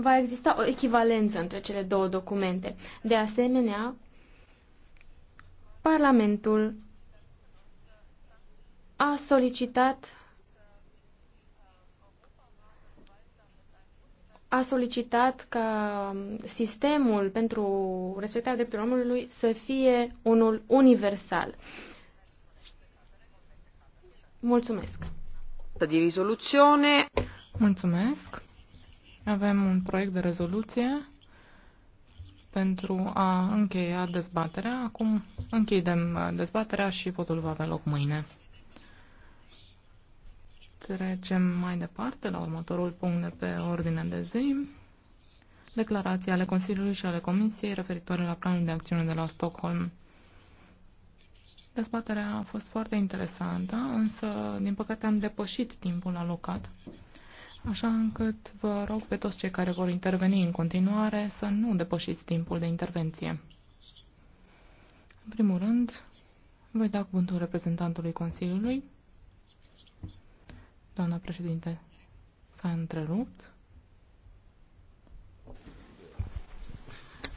va exista o echivalență între cele două documente. De asemenea, Parlamentul a solicitat a solicitat ca sistemul pentru respectarea drepturilor omului să fie unul universal. Mulțumesc. De Mulțumesc. Avem un proiect de rezoluție pentru a încheia dezbaterea. Acum închidem uh, dezbaterea și votul va avea loc mâine. Trecem mai departe la următorul punct de pe ordine de zi. Declarații ale Consiliului și ale Comisiei referitoare la planul de acțiune de la Stockholm. Dezbaterea a fost foarte interesantă, însă, din păcate, am depășit timpul alocat așa încât vă rog pe toți cei care vor interveni în continuare să nu depășiți timpul de intervenție. În primul rând, voi da cuvântul reprezentantului Consiliului. Doamna președinte s-a întrerupt.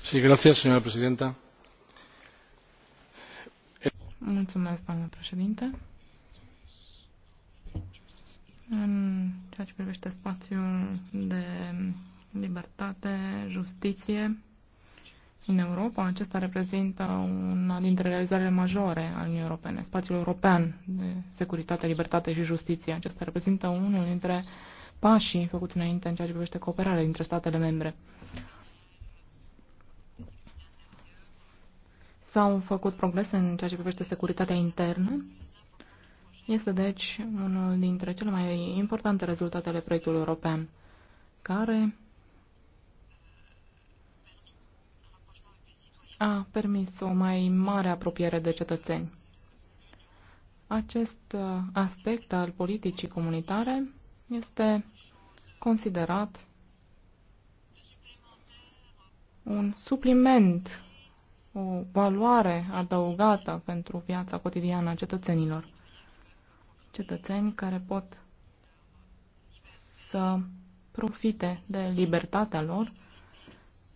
Sí, gracias, señora presidenta. Mulțumesc, doamnă președinte în ceea ce privește spațiul de libertate, justiție în Europa. Acesta reprezintă una dintre realizările majore al Uniunii Europene. Spațiul european de securitate, libertate și justiție. Acesta reprezintă unul dintre pașii făcuți înainte în ceea ce privește cooperarea dintre statele membre. S-au făcut progrese în ceea ce privește securitatea internă este deci unul dintre cele mai importante rezultate ale proiectului european, care a permis o mai mare apropiere de cetățeni. Acest uh, aspect al politicii comunitare este considerat un supliment, o valoare adăugată pentru viața cotidiană a cetățenilor cetățeni care pot să profite de libertatea lor,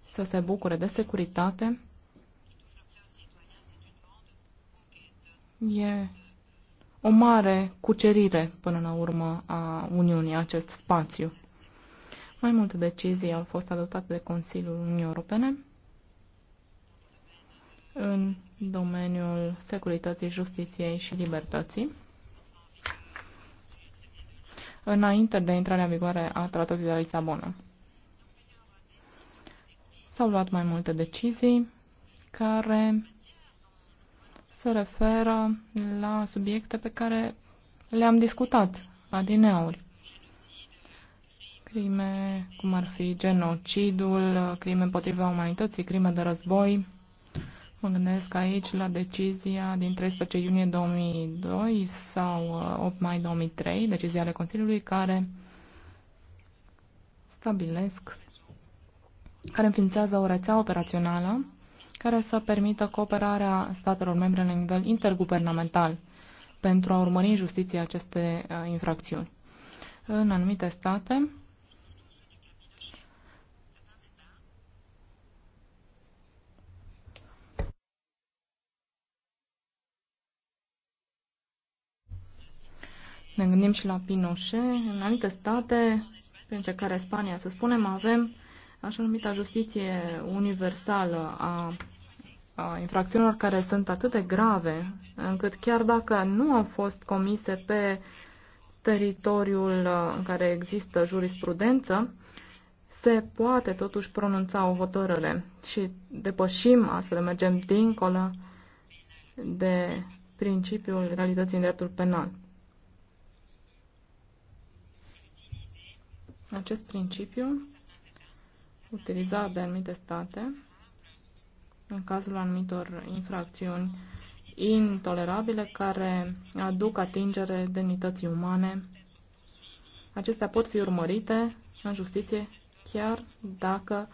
să se bucure de securitate. E o mare cucerire până la urmă a Uniunii, acest spațiu. Mai multe decizii au fost adoptate de Consiliul Uniunii Europene în domeniul securității, justiției și libertății înainte de intrarea în vigoare a Tratatului de la Lisabona. S-au luat mai multe decizii care se referă la subiecte pe care le-am discutat adineauri. Crime cum ar fi genocidul, crime împotriva umanității, crime de război, Mă gândesc aici la decizia din 13 iunie 2002 sau 8 uh, mai 2003, decizia ale Consiliului, care stabilesc, care înființează o rețea operațională care să permită cooperarea statelor membre la nivel interguvernamental pentru a urmări în justiție aceste uh, infracțiuni. În anumite state, Ne gândim și la Pinochet. În anumite state, printre care Spania, să spunem, avem așa numita justiție universală a, a infracțiunilor care sunt atât de grave, încât chiar dacă nu au fost comise pe teritoriul uh, în care există jurisprudență, se poate totuși pronunța o hotărâre și depășim astfel, mergem dincolo de principiul realității în dreptul penal. Acest principiu, utilizat de anumite state, în cazul anumitor infracțiuni intolerabile care aduc atingere demnității umane, acestea pot fi urmărite în justiție chiar dacă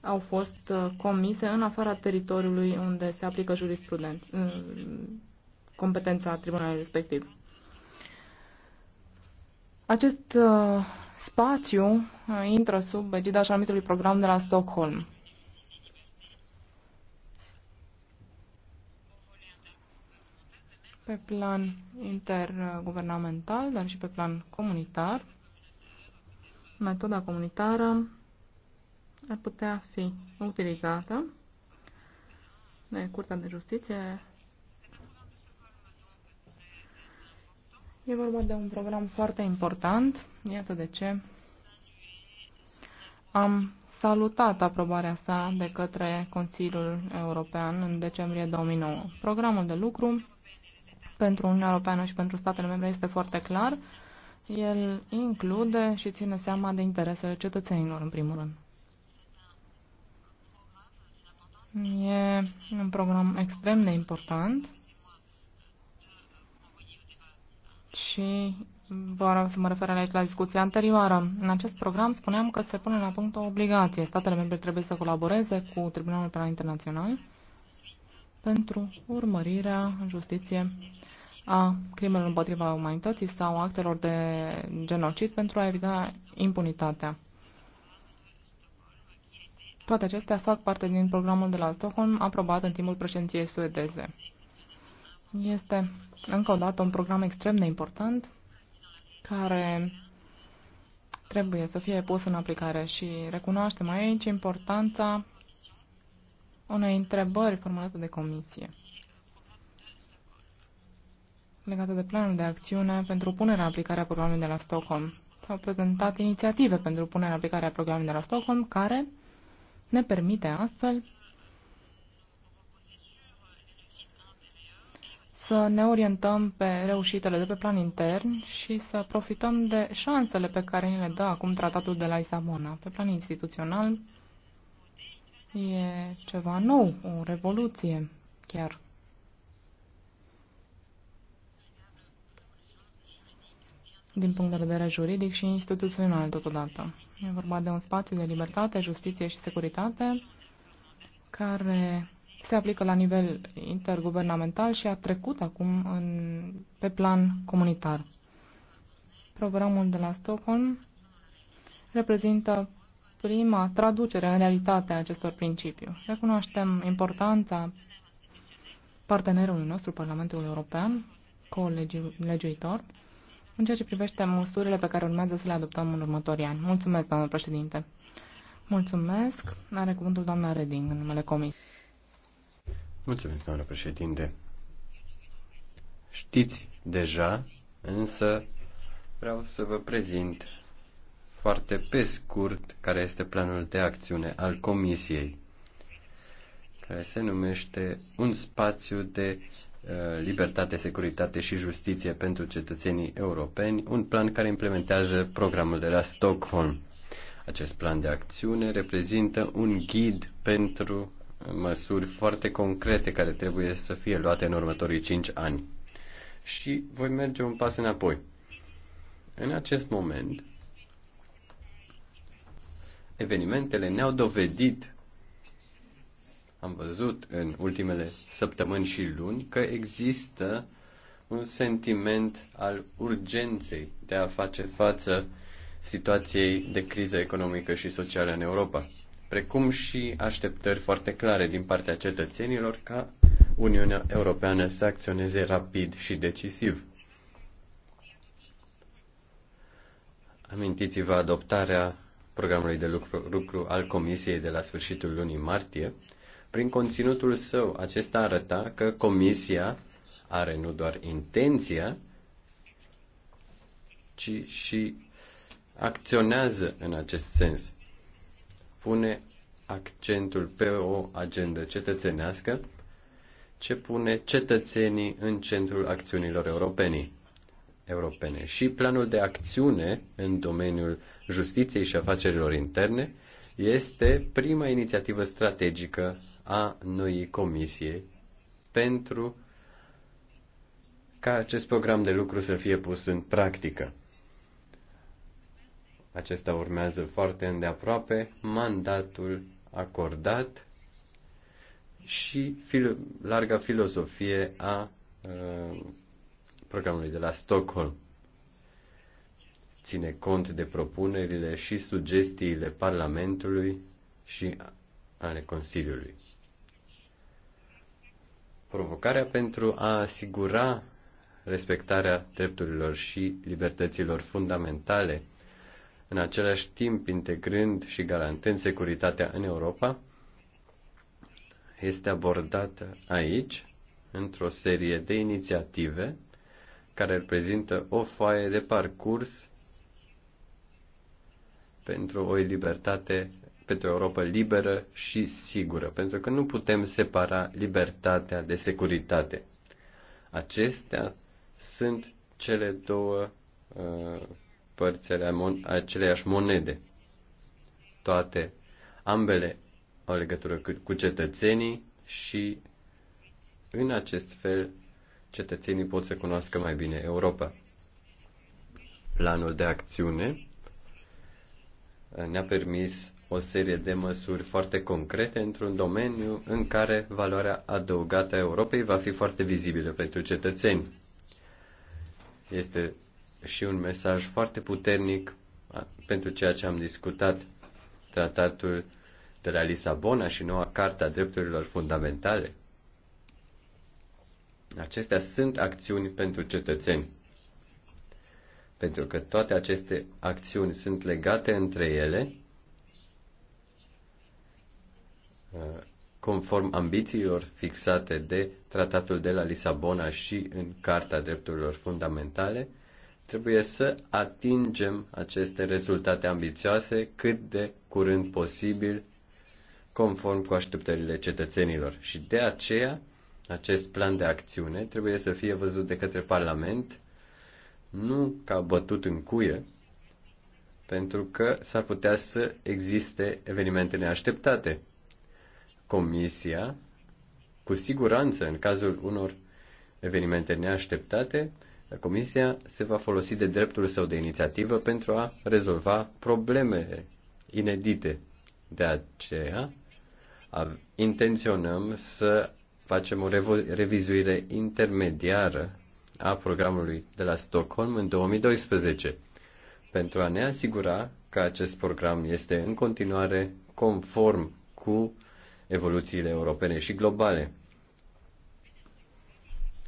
au fost uh, comise în afara teritoriului unde se aplică jurisprudența, uh, competența tribunalului respectiv. Acest uh, spațiu uh, intră sub egida așa numitului program de la Stockholm. Pe plan interguvernamental, dar și pe plan comunitar, metoda comunitară ar putea fi utilizată de Curtea de Justiție E vorba de un program foarte important, iată de ce am salutat aprobarea sa de către Consiliul European în decembrie 2009. Programul de lucru pentru Uniunea Europeană și pentru statele membre este foarte clar. El include și ține seama de interesele cetățenilor, în primul rând. E un program extrem de important și vreau să mă refer aici la discuția anterioară. În acest program spuneam că se pune la punct o obligație. Statele membre trebuie să colaboreze cu Tribunalul Penal Internațional pentru urmărirea în justiție a crimelor împotriva umanității sau actelor de genocid pentru a evita impunitatea. Toate acestea fac parte din programul de la Stockholm aprobat în timpul președinției suedeze. Este încă o dată un program extrem de important care trebuie să fie pus în aplicare și recunoaștem aici importanța unei întrebări formulate de comisie legate de planul de acțiune pentru punerea în aplicare a programului de la Stockholm. S-au prezentat inițiative pentru punerea în aplicare a programului de la Stockholm care ne permite astfel să ne orientăm pe reușitele de pe plan intern și să profităm de șansele pe care ni le dă acum tratatul de la Lisabona. Pe plan instituțional e ceva nou, o revoluție chiar. din punct de vedere juridic și instituțional totodată. E vorba de un spațiu de libertate, justiție și securitate care se aplică la nivel interguvernamental și a trecut acum în, pe plan comunitar. Programul de la Stockholm reprezintă prima traducere în realitate a acestor principii. Recunoaștem importanța partenerului nostru, Parlamentul European, co-legiuitor, în ceea ce privește măsurile pe care urmează să le adoptăm în următorii ani. Mulțumesc, doamnă președinte. Mulțumesc. Are cuvântul doamna Reding în numele comisiei. Mulțumesc, doamnă președinte. Știți deja, însă vreau să vă prezint foarte pe scurt care este planul de acțiune al Comisiei, care se numește un spațiu de uh, libertate, securitate și justiție pentru cetățenii europeni, un plan care implementează programul de la Stockholm. Acest plan de acțiune reprezintă un ghid pentru măsuri foarte concrete care trebuie să fie luate în următorii 5 ani. Și voi merge un pas înapoi. În acest moment, evenimentele ne-au dovedit, am văzut în ultimele săptămâni și luni, că există un sentiment al urgenței de a face față situației de criză economică și socială în Europa precum și așteptări foarte clare din partea cetățenilor ca Uniunea Europeană să acționeze rapid și decisiv. Amintiți-vă adoptarea programului de lucru, lucru al Comisiei de la sfârșitul lunii martie. Prin conținutul său, acesta arăta că Comisia are nu doar intenția, ci și acționează în acest sens pune accentul pe o agendă cetățenească ce pune cetățenii în centrul acțiunilor europene. europene. Și planul de acțiune în domeniul justiției și afacerilor interne este prima inițiativă strategică a noii comisie pentru ca acest program de lucru să fie pus în practică. Acesta urmează foarte îndeaproape mandatul acordat și fil- larga filozofie a uh, programului de la Stockholm. Ține cont de propunerile și sugestiile Parlamentului și ale Consiliului. Provocarea pentru a asigura respectarea drepturilor și libertăților fundamentale în același timp integrând și garantând securitatea în Europa, este abordată aici într-o serie de inițiative care reprezintă o foaie de parcurs pentru o libertate, pentru o Europa liberă și sigură, pentru că nu putem separa libertatea de securitate. Acestea sunt cele două uh, părți ale mon- aceleiași monede. Toate, ambele au legătură cu, cu cetățenii și în acest fel cetățenii pot să cunoască mai bine Europa. Planul de acțiune ne-a permis o serie de măsuri foarte concrete într-un domeniu în care valoarea adăugată a Europei va fi foarte vizibilă pentru cetățeni. Este și un mesaj foarte puternic pentru ceea ce am discutat, tratatul de la Lisabona și noua Carta a Drepturilor Fundamentale. Acestea sunt acțiuni pentru cetățeni, pentru că toate aceste acțiuni sunt legate între ele, conform ambițiilor fixate de Tratatul de la Lisabona și în Carta Drepturilor Fundamentale, Trebuie să atingem aceste rezultate ambițioase cât de curând posibil, conform cu așteptările cetățenilor. Și de aceea, acest plan de acțiune trebuie să fie văzut de către Parlament, nu ca bătut în cuie, pentru că s-ar putea să existe evenimente neașteptate. Comisia, cu siguranță, în cazul unor evenimente neașteptate, Comisia se va folosi de dreptul său de inițiativă pentru a rezolva problemele inedite. De aceea, intenționăm să facem o revizuire intermediară a programului de la Stockholm în 2012 pentru a ne asigura că acest program este în continuare conform cu evoluțiile europene și globale.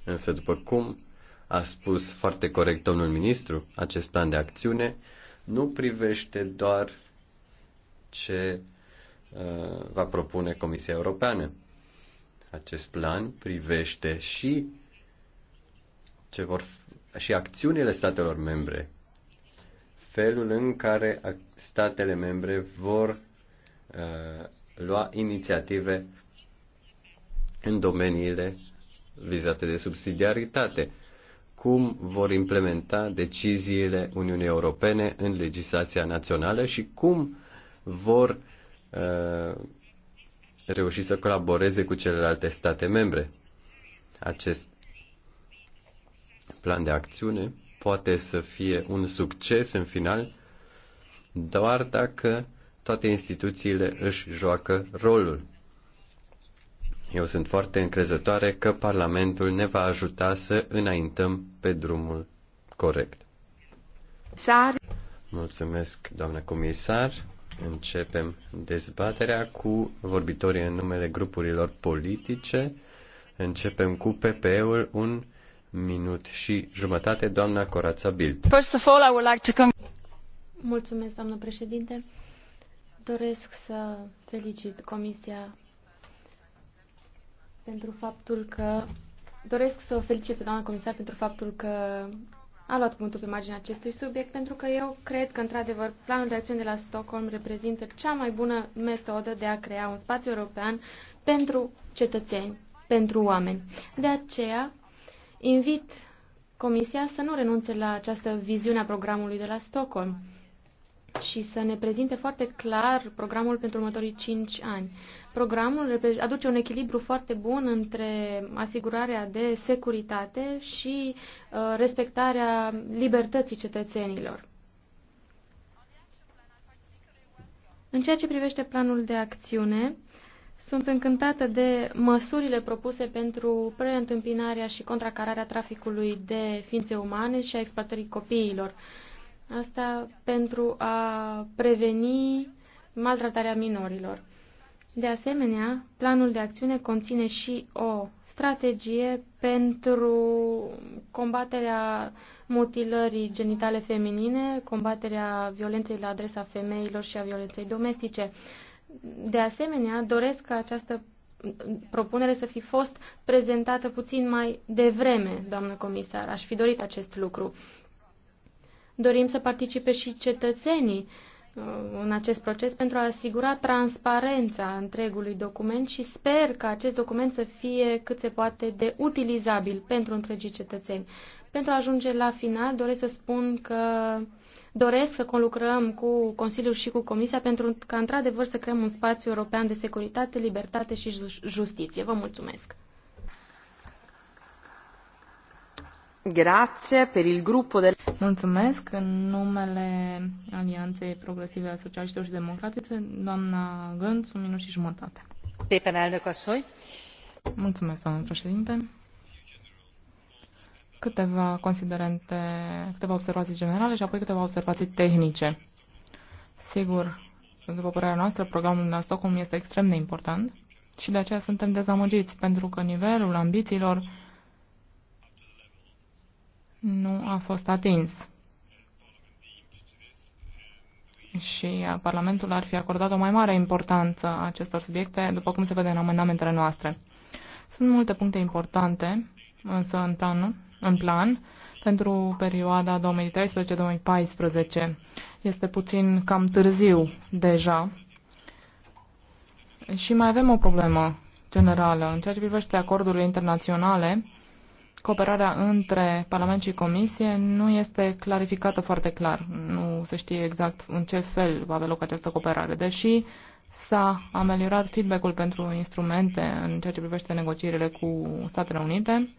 Însă, după cum a spus foarte corect domnul ministru, acest plan de acțiune nu privește doar ce uh, va propune Comisia Europeană. Acest plan privește și ce vor și acțiunile statelor membre, felul în care statele membre vor uh, lua inițiative în domeniile vizate de subsidiaritate cum vor implementa deciziile Uniunii Europene în legislația națională și cum vor uh, reuși să colaboreze cu celelalte state membre. Acest plan de acțiune poate să fie un succes în final doar dacă toate instituțiile își joacă rolul eu sunt foarte încrezătoare că Parlamentul ne va ajuta să înaintăm pe drumul corect. Sar. Mulțumesc, doamnă comisar. Începem dezbaterea cu vorbitorii în numele grupurilor politice. Începem cu PPE-ul, un minut și jumătate, doamna Corața Bild. First of all, I would like to Mulțumesc, doamnă președinte. Doresc să felicit Comisia pentru faptul că doresc să o felicit pe doamna comisar pentru faptul că a luat cuvântul pe marginea acestui subiect, pentru că eu cred că, într-adevăr, planul de acțiune de la Stockholm reprezintă cea mai bună metodă de a crea un spațiu european pentru cetățeni, pentru oameni. De aceea, invit Comisia să nu renunțe la această viziune a programului de la Stockholm și să ne prezinte foarte clar programul pentru următorii 5 ani. Programul aduce un echilibru foarte bun între asigurarea de securitate și uh, respectarea libertății cetățenilor. În ceea ce privește planul de acțiune, sunt încântată de măsurile propuse pentru preîntâmpinarea și contracararea traficului de ființe umane și a exploatării copiilor. Asta pentru a preveni maltratarea minorilor. De asemenea, planul de acțiune conține și o strategie pentru combaterea mutilării genitale feminine, combaterea violenței la adresa femeilor și a violenței domestice. De asemenea, doresc ca această propunere să fi fost prezentată puțin mai devreme, doamnă comisar. Aș fi dorit acest lucru. Dorim să participe și cetățenii uh, în acest proces pentru a asigura transparența întregului document și sper că acest document să fie cât se poate de utilizabil pentru întregii cetățeni. Pentru a ajunge la final, doresc să spun că doresc să conlucrăm cu Consiliul și cu Comisia pentru ca, într-adevăr, să creăm un spațiu european de securitate, libertate și justiție. Vă mulțumesc! în numele Alianței Progresive a Socialiștilor și Democratice, doamna Gânț, un minut și jumătate. Mulțumesc, doamnă președinte. Câteva considerente, câteva observații generale și apoi câteva observații tehnice. Sigur, după părerea noastră, programul de la Stockholm este extrem de important și de aceea suntem dezamăgiți, pentru că nivelul ambițiilor nu a fost atins. Și uh, Parlamentul ar fi acordat o mai mare importanță acestor subiecte, după cum se vede în amendamentele noastre. Sunt multe puncte importante, însă în, plan, în plan, pentru perioada 2013-2014. Este puțin cam târziu deja. Și mai avem o problemă generală în ceea ce privește acordurile internaționale cooperarea între Parlament și Comisie nu este clarificată foarte clar. Nu se știe exact în ce fel va avea loc această cooperare, deși s-a ameliorat feedback-ul pentru instrumente în ceea ce privește negocierile cu Statele Unite.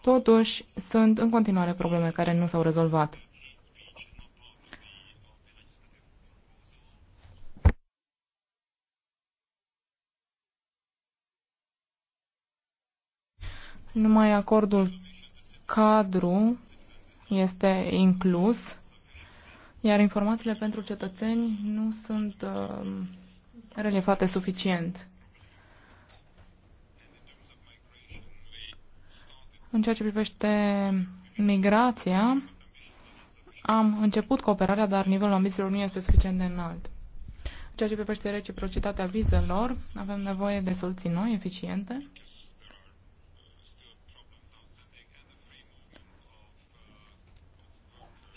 Totuși, sunt în continuare probleme care nu s-au rezolvat. Numai acordul cadru este inclus, iar informațiile pentru cetățeni nu sunt uh, relevate suficient. În ceea ce privește migrația, am început cooperarea, dar nivelul ambițiilor nu este suficient de înalt. În ceea ce privește reciprocitatea vizelor, avem nevoie de soluții noi, eficiente.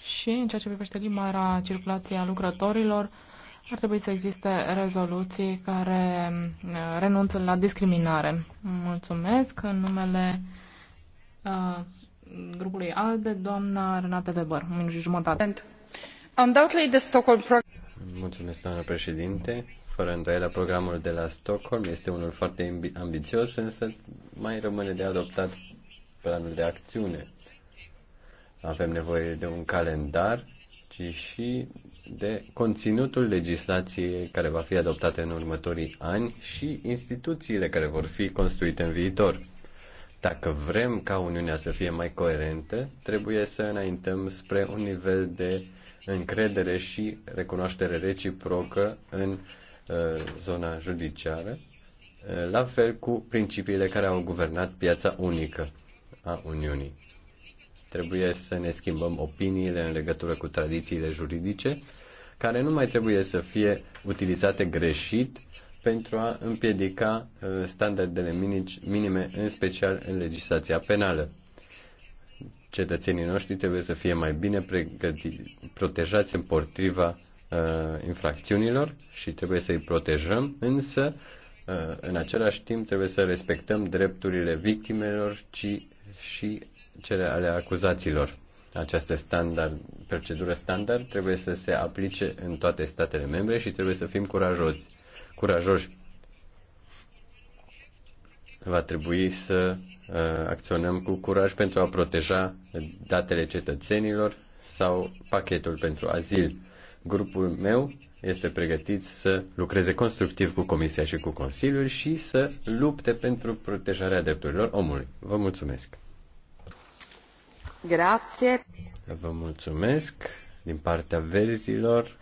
Și în ceea ce privește libera circulație a lucrătorilor, ar trebui să existe rezoluții care uh, renunță la discriminare. Mulțumesc. În numele uh, grupului ALDE, doamna Renate Weber. Undoubtedly, the jumătate. Mulțumesc, doamna președinte. Fără îndoială, programul de la Stockholm este unul foarte ambițios, însă mai rămâne de adoptat planul de acțiune avem nevoie de un calendar, ci și de conținutul legislației care va fi adoptată în următorii ani și instituțiile care vor fi construite în viitor. Dacă vrem ca Uniunea să fie mai coerentă, trebuie să înaintăm spre un nivel de încredere și recunoaștere reciprocă în uh, zona judiciară, uh, la fel cu principiile care au guvernat piața unică a Uniunii Trebuie exact. să ne schimbăm opiniile în legătură cu tradițiile juridice, care nu mai trebuie să fie utilizate greșit pentru a împiedica uh, standardele minime, în special în legislația penală. Cetățenii noștri trebuie să fie mai bine pregăti, protejați împotriva uh, infracțiunilor și trebuie să îi protejăm, însă, uh, în același timp, trebuie să respectăm drepturile victimelor ci, și cele ale acuzaților. Această standard, procedură standard trebuie să se aplice în toate statele membre și trebuie să fim curajoși. curajoși. Va trebui să uh, acționăm cu curaj pentru a proteja datele cetățenilor sau pachetul pentru azil. Grupul meu este pregătit să lucreze constructiv cu Comisia și cu Consiliul și să lupte pentru protejarea drepturilor omului. Vă mulțumesc! Grație. Vă mulțumesc din partea verzilor.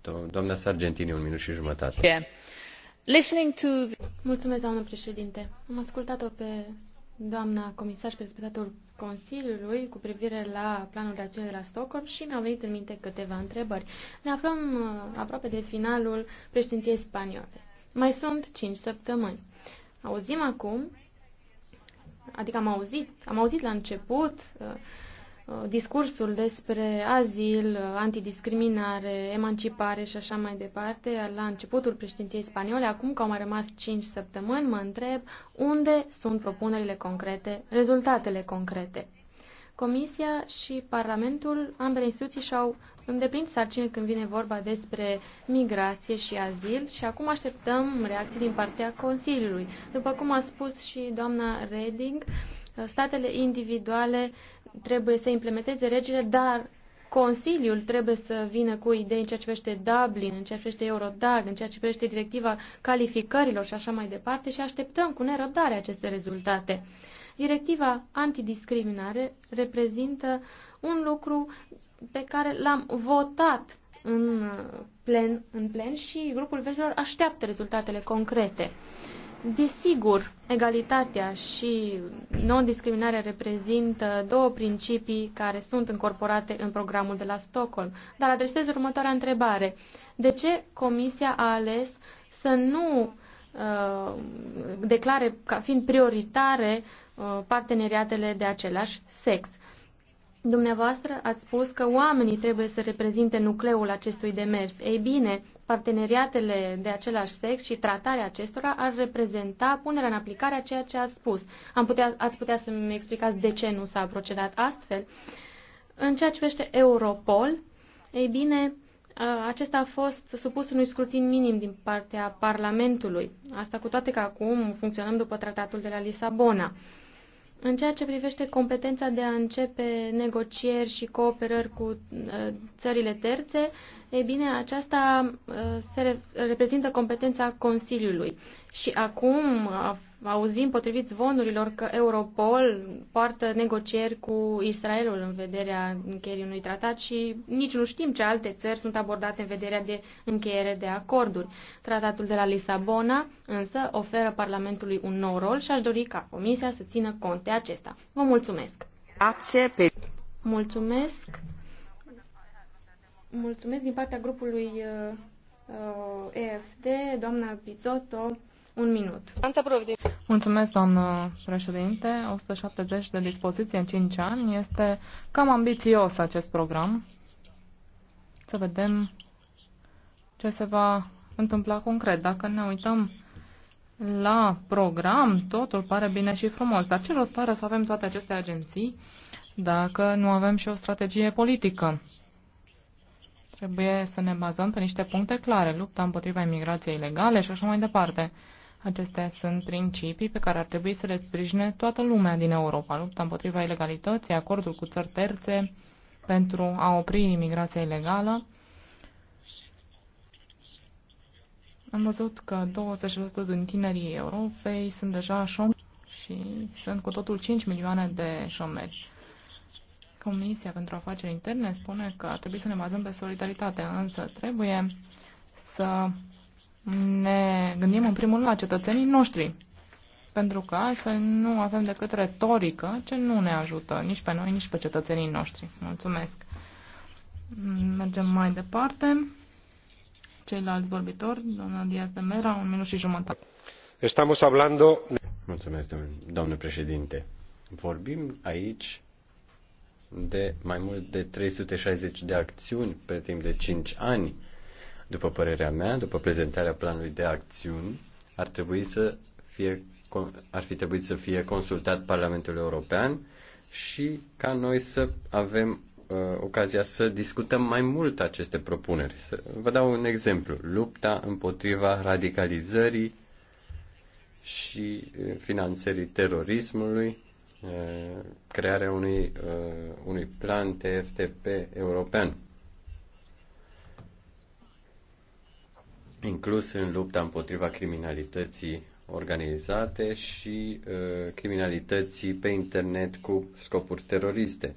Do- doamna Sargentini, un minut și jumătate. Yeah. Listening to the... Mulțumesc, doamnă președinte. Am ascultat-o pe doamna comisar și prezentatul Consiliului cu privire la planul de acțiune de la Stockholm și mi-au venit în minte câteva întrebări. Ne aflăm uh, aproape de finalul președinției spaniole. Mai sunt 5 săptămâni. Auzim acum adică am auzit, am auzit la început uh, uh, discursul despre azil, uh, antidiscriminare, emancipare și așa mai departe, la începutul președinției spaniole, acum că au mai rămas 5 săptămâni, mă întreb unde sunt propunerile concrete, rezultatele concrete. Comisia și Parlamentul, ambele instituții, și-au îndeplinit sarcinile când vine vorba despre migrație și azil și acum așteptăm reacții din partea Consiliului. După cum a spus și doamna Reding, statele individuale trebuie să implementeze regile, dar Consiliul trebuie să vină cu idei în ceea ce privește Dublin, în ceea ce privește Eurodag, în ceea ce privește directiva calificărilor și așa mai departe și așteptăm cu nerăbdare aceste rezultate. Directiva antidiscriminare reprezintă un lucru pe care l-am votat în uh, plen, în plen și grupul verzilor așteaptă rezultatele concrete. Desigur, egalitatea și non-discriminarea reprezintă două principii care sunt încorporate în programul de la Stockholm. Dar adresez următoarea întrebare. De ce Comisia a ales să nu uh, declare ca fiind prioritare Uh, parteneriatele de același sex. Dumneavoastră ați spus că oamenii trebuie să reprezinte nucleul acestui demers. Ei bine, parteneriatele de același sex și tratarea acestora ar reprezenta punerea în aplicare a ceea ce ați spus. Am putea, ați putea să-mi explicați de ce nu s-a procedat astfel? În ceea ce privește Europol, ei bine, uh, acesta a fost supus unui scrutin minim din partea Parlamentului. Asta cu toate că acum funcționăm după tratatul de la Lisabona. În ceea ce privește competența de a începe negocieri și cooperări cu uh, țările terțe, ei bine, aceasta uh, se reprezintă competența Consiliului. Și acum uh, auzim, potrivit zvonurilor, că Europol poartă negocieri cu Israelul în vederea încheierii unui tratat și nici nu știm ce alte țări sunt abordate în vederea de încheiere de acorduri. Tratatul de la Lisabona însă oferă Parlamentului un nou rol și aș dori ca Comisia să țină cont de acesta. Vă mulțumesc! Mulțumesc! Mulțumesc din partea grupului uh, uh, EFD, doamna Pizzotto, un minut. Mulțumesc, doamnă președinte. 170 de dispoziții în 5 ani. Este cam ambițios acest program. Să vedem ce se va întâmpla concret. Dacă ne uităm la program, totul pare bine și frumos. Dar ce rost are să avem toate aceste agenții dacă nu avem și o strategie politică? Trebuie să ne bazăm pe niște puncte clare, lupta împotriva imigrației ilegale și așa mai departe. Acestea sunt principii pe care ar trebui să le sprijine toată lumea din Europa. Lupta împotriva ilegalității, acordul cu țări terțe pentru a opri imigrația ilegală. Am văzut că 20% din tinerii Europei sunt deja șomeri și sunt cu totul 5 milioane de șomeri. Comisia pentru Afaceri Interne spune că ar trebui să ne bazăm pe solidaritate, însă trebuie să ne gândim în primul rând la cetățenii noștri, pentru că altfel nu avem decât retorică ce nu ne ajută nici pe noi, nici pe cetățenii noștri. Mulțumesc! Mergem mai departe. Ceilalți vorbitori, doamna Diaz de Mera, un minut și jumătate. Estamos hablando... Mulțumesc, domnule președinte. Vorbim aici de mai mult de 360 de acțiuni pe timp de 5 ani. După părerea mea, după prezentarea planului de acțiuni, ar trebui să fie, ar fi trebuit să fie consultat Parlamentul European și ca noi să avem uh, ocazia să discutăm mai mult aceste propuneri. Să vă dau un exemplu. Lupta împotriva radicalizării și uh, finanțării terorismului, Uh, crearea unui, uh, unui plan TFTP european, inclus în lupta împotriva criminalității organizate și uh, criminalității pe internet cu scopuri teroriste.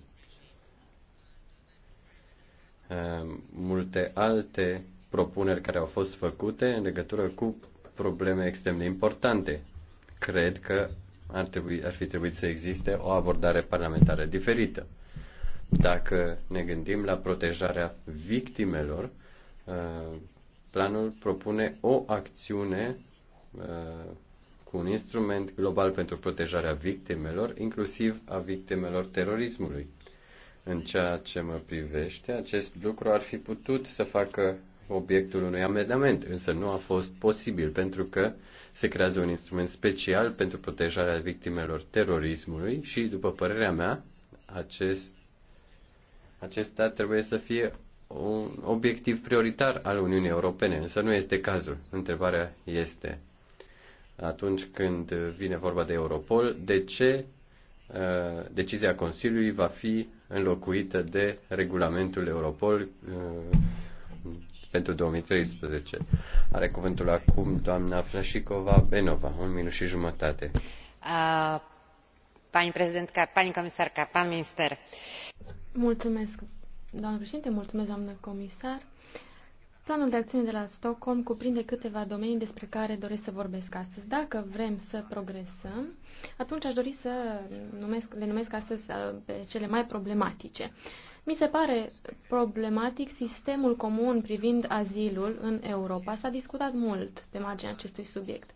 Multe alte propuneri care au fost făcute în legătură cu probleme extrem de importante. Cred că ar, trebui, ar fi trebuit să existe o abordare parlamentară diferită. Dacă ne gândim la protejarea victimelor, uh, planul propune o acțiune uh, cu un instrument global pentru protejarea victimelor, inclusiv a victimelor terorismului. În ceea ce mă privește, acest lucru ar fi putut să facă obiectul unui amendament, însă nu a fost posibil pentru că uh, se creează un instrument special pentru protejarea victimelor terorismului și, după părerea mea, acest, acesta trebuie să fie un obiectiv prioritar al Uniunii Europene, însă nu este cazul. Întrebarea este, atunci când vine vorba de Europol, de ce uh, decizia Consiliului va fi înlocuită de regulamentul Europol uh, pentru 2013. Are cuvântul acum doamna Flașicova Benova, un minut și jumătate. Uh, pani prezident, pani comisar, ca pan minister. Mulțumesc, doamnă președinte, mulțumesc, doamnă comisar. Planul de acțiune de la Stockholm cuprinde câteva domenii despre care doresc să vorbesc astăzi. Dacă vrem să progresăm, atunci aș dori să numesc, le numesc astăzi uh, pe cele mai problematice. Uh, mi se pare problematic sistemul comun privind azilul în Europa. S-a discutat mult pe marginea acestui subiect.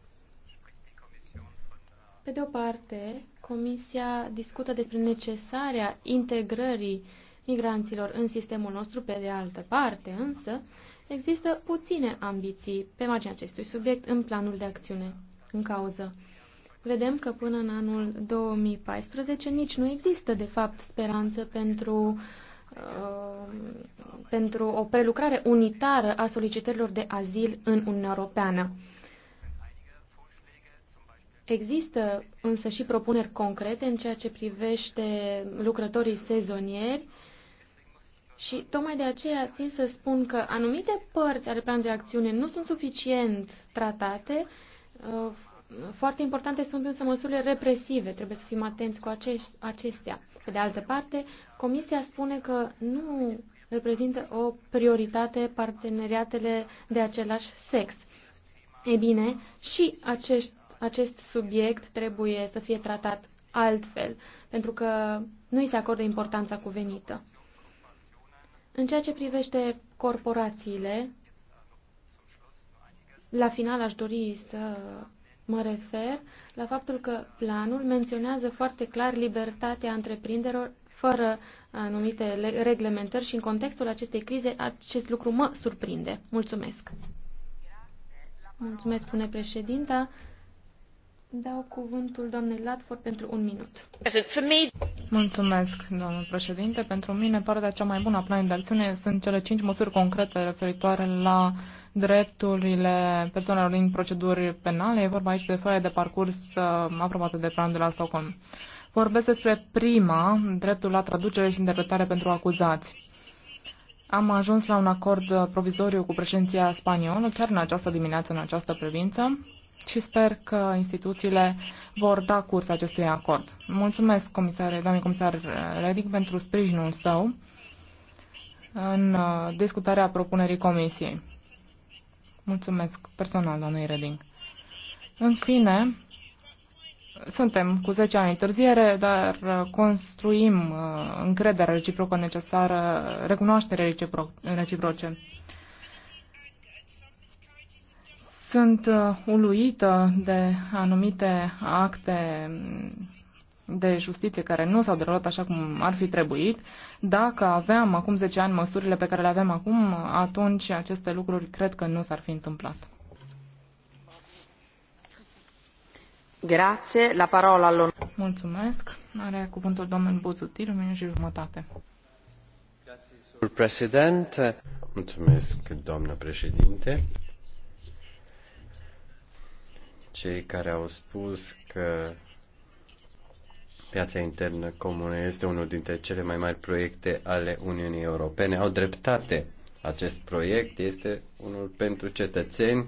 Pe de o parte, Comisia discută despre necesarea integrării migranților în sistemul nostru, pe de altă parte, însă, există puține ambiții pe marginea acestui subiect în planul de acțiune în cauză. Vedem că până în anul 2014 nici nu există, de fapt, speranță pentru uh, Um, pentru o prelucrare unitară a solicitărilor de azil în Uniunea Europeană. Există însă și propuneri concrete în ceea ce privește lucrătorii sezonieri și tocmai de aceea țin să spun că anumite părți ale planului de acțiune nu sunt suficient tratate. Uh, foarte importante sunt însă măsurile represive, trebuie să fim atenți cu acestea. Pe de altă parte, Comisia spune că nu reprezintă o prioritate parteneriatele de același sex. Ei bine, și acest, acest subiect trebuie să fie tratat altfel, pentru că nu îi se acordă importanța cuvenită. În ceea ce privește corporațiile, la final aș dori să mă refer la faptul că planul menționează foarte clar libertatea întreprinderilor, fără anumite reglementări și în contextul acestei crize acest lucru mă surprinde. Mulțumesc! Mulțumesc, spune președinta. Dau cuvântul doamnei Latford pentru un minut. Mulțumesc, doamnă președinte. Pentru mine, partea cea mai bună a planului de acțiune sunt cele cinci măsuri concrete referitoare la drepturile persoanelor din proceduri penale. E vorba aici de foaia de parcurs uh, aprobată de planul de la Stockholm. Vorbesc despre prima, dreptul la traducere și interpretare pentru acuzați. Am ajuns la un acord provizoriu cu președinția spaniolă chiar în această dimineață, în această privință și sper că instituțiile vor da curs acestui acord. Mulțumesc, comisare, doamne comisar Redic, pentru sprijinul său în uh, discutarea propunerii comisiei. Mulțumesc personal, doamnei Reding. În fine, suntem cu 10 ani întârziere, dar uh, construim uh, încrederea reciprocă necesară, recunoaștere reciproce. Sunt uh, uluită de anumite acte de justiție care nu s-au derulat așa cum ar fi trebuit. Dacă aveam acum 10 ani măsurile pe care le avem acum, atunci aceste lucruri cred că nu s-ar fi întâmplat. Mulțumesc. președinte. Cei care au spus că piața internă comună este unul dintre cele mai mari proiecte ale Uniunii Europene au dreptate. Acest proiect este unul pentru cetățeni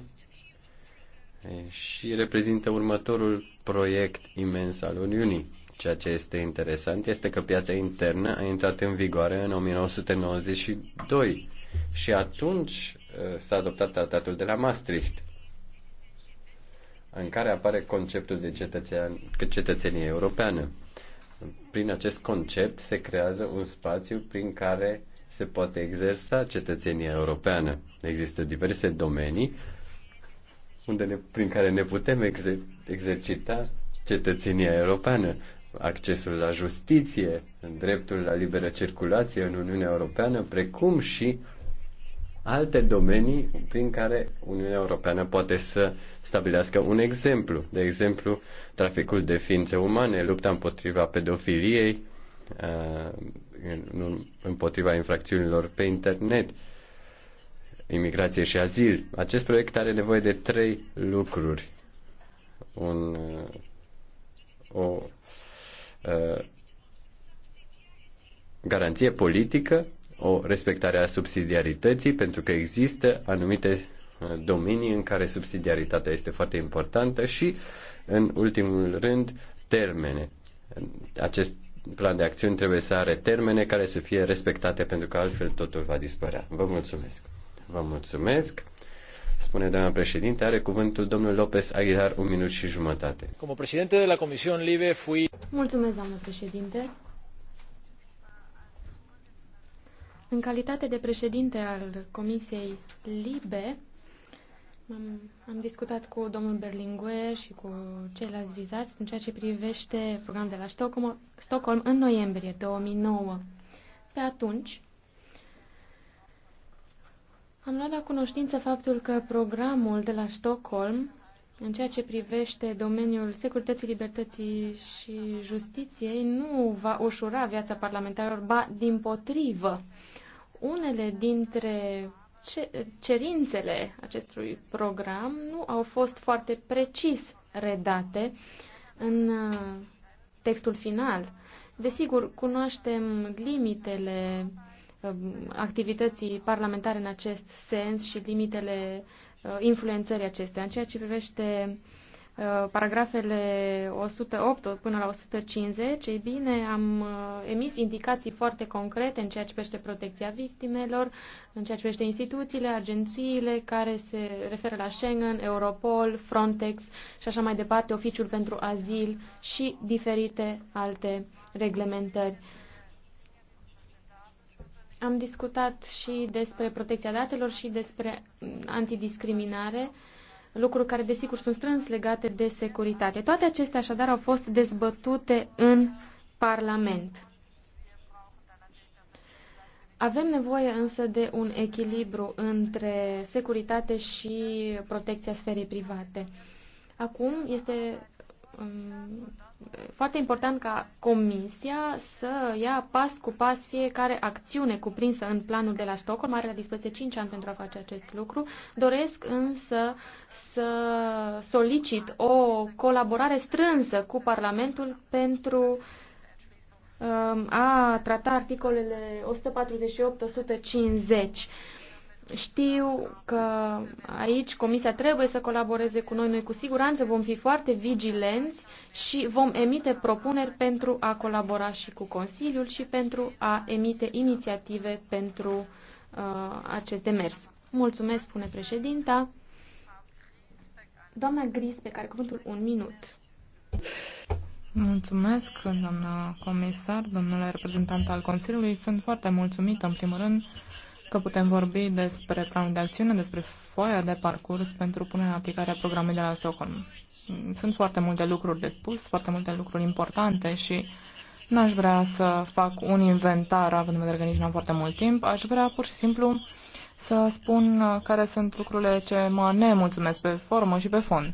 și reprezintă următorul proiect imens al Uniunii. Ceea ce este interesant este că piața internă a intrat în vigoare în 1992 și atunci s-a adoptat tratatul de la Maastricht, în care apare conceptul de cetățean, cetățenie europeană. Prin acest concept se creează un spațiu prin care se poate exersa cetățenia europeană. Există diverse domenii unde ne, prin care ne putem exer, exercita cetățenia europeană, accesul la justiție, dreptul la liberă circulație în Uniunea Europeană, precum și alte domenii prin care Uniunea Europeană poate să stabilească un exemplu. De exemplu, traficul de ființe umane, lupta împotriva pedofiliei, uh, împotriva infracțiunilor pe internet, imigrație și azil. Acest proiect are nevoie de trei lucruri. Un, uh, o a, uh, garanție politică, o respectare a subsidiarității, pentru că există anumite uh, domenii în care subsidiaritatea este foarte importantă și, în ultimul rând, termene. Acest plan de acțiuni trebuie să are termene care să fie respectate pentru că altfel totul va dispărea. Vă mulțumesc! Vă mulțumesc. Spune doamna președinte, are cuvântul domnul López Aguilar, un minut și jumătate. Como președinte de la Comisión Libe, fui... Mulțumesc, doamnă președinte. În calitate de președinte al Comisiei Libe, am, am discutat cu domnul Berlinguer și cu ceilalți vizați în ceea ce privește programul de la Stockholm, Stockholm în noiembrie 2009. Pe atunci, am luat la cunoștință faptul că programul de la Stockholm, în ceea ce privește domeniul securității, libertății și justiției, nu va ușura viața parlamentarilor, ba din potrivă. Unele dintre cerințele acestui program nu au fost foarte precis redate în uh, textul final. Desigur, cunoaștem limitele uh, Um, activității parlamentare în acest sens și limitele uh, influențării acesteia. În ceea ce privește uh, paragrafele 108 până la 150, ei bine, am uh, emis indicații foarte concrete în ceea ce privește protecția victimelor, în ceea ce privește instituțiile, agențiile care se referă la Schengen, Europol, Frontex și așa mai departe, oficiul pentru azil și diferite alte reglementări. Am discutat și despre protecția datelor și despre mm, antidiscriminare, lucruri care desigur sunt strâns legate de securitate. Toate acestea așadar au fost dezbătute în Parlament. Avem nevoie însă de un echilibru între securitate și protecția sferei private. Acum este mm, foarte important ca Comisia să ia pas cu pas fiecare acțiune cuprinsă în planul de la Stockholm. Are la dispoziție 5 ani pentru a face acest lucru. Doresc însă să solicit o colaborare strânsă cu Parlamentul pentru um, a trata articolele 148-150 știu că aici Comisia trebuie să colaboreze cu noi. Noi cu siguranță vom fi foarte vigilenți și vom emite propuneri pentru a colabora și cu Consiliul și pentru a emite inițiative pentru uh, acest demers. Mulțumesc, spune președinta. Doamna Gris, pe care cuvântul un minut. Mulțumesc, doamna comisar, domnule reprezentant al Consiliului. Sunt foarte mulțumită, în primul rând, că putem vorbi despre planul de acțiune, despre foaia de parcurs pentru punerea în aplicare a programului de la Stockholm. Sunt foarte multe lucruri de spus, foarte multe lucruri importante și n-aș vrea să fac un inventar, având în vedere că nici nu am foarte mult timp. Aș vrea pur și simplu să spun care sunt lucrurile ce mă nemulțumesc pe formă și pe fond.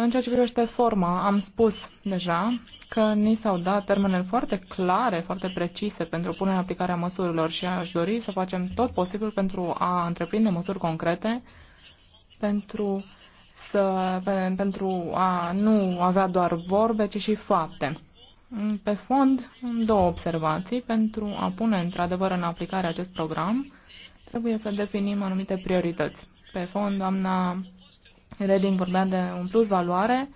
În ceea ce privește forma, am spus deja că ni s-au dat termene foarte clare, foarte precise pentru punerea în aplicare a măsurilor și aș dori să facem tot posibil pentru a întreprinde măsuri concrete pentru, să, pentru a nu avea doar vorbe, ci și fapte. Pe fond, două observații. Pentru a pune într-adevăr în aplicare acest program, trebuie să definim anumite priorități. Pe fond, doamna Reading vorbea de un plus valoare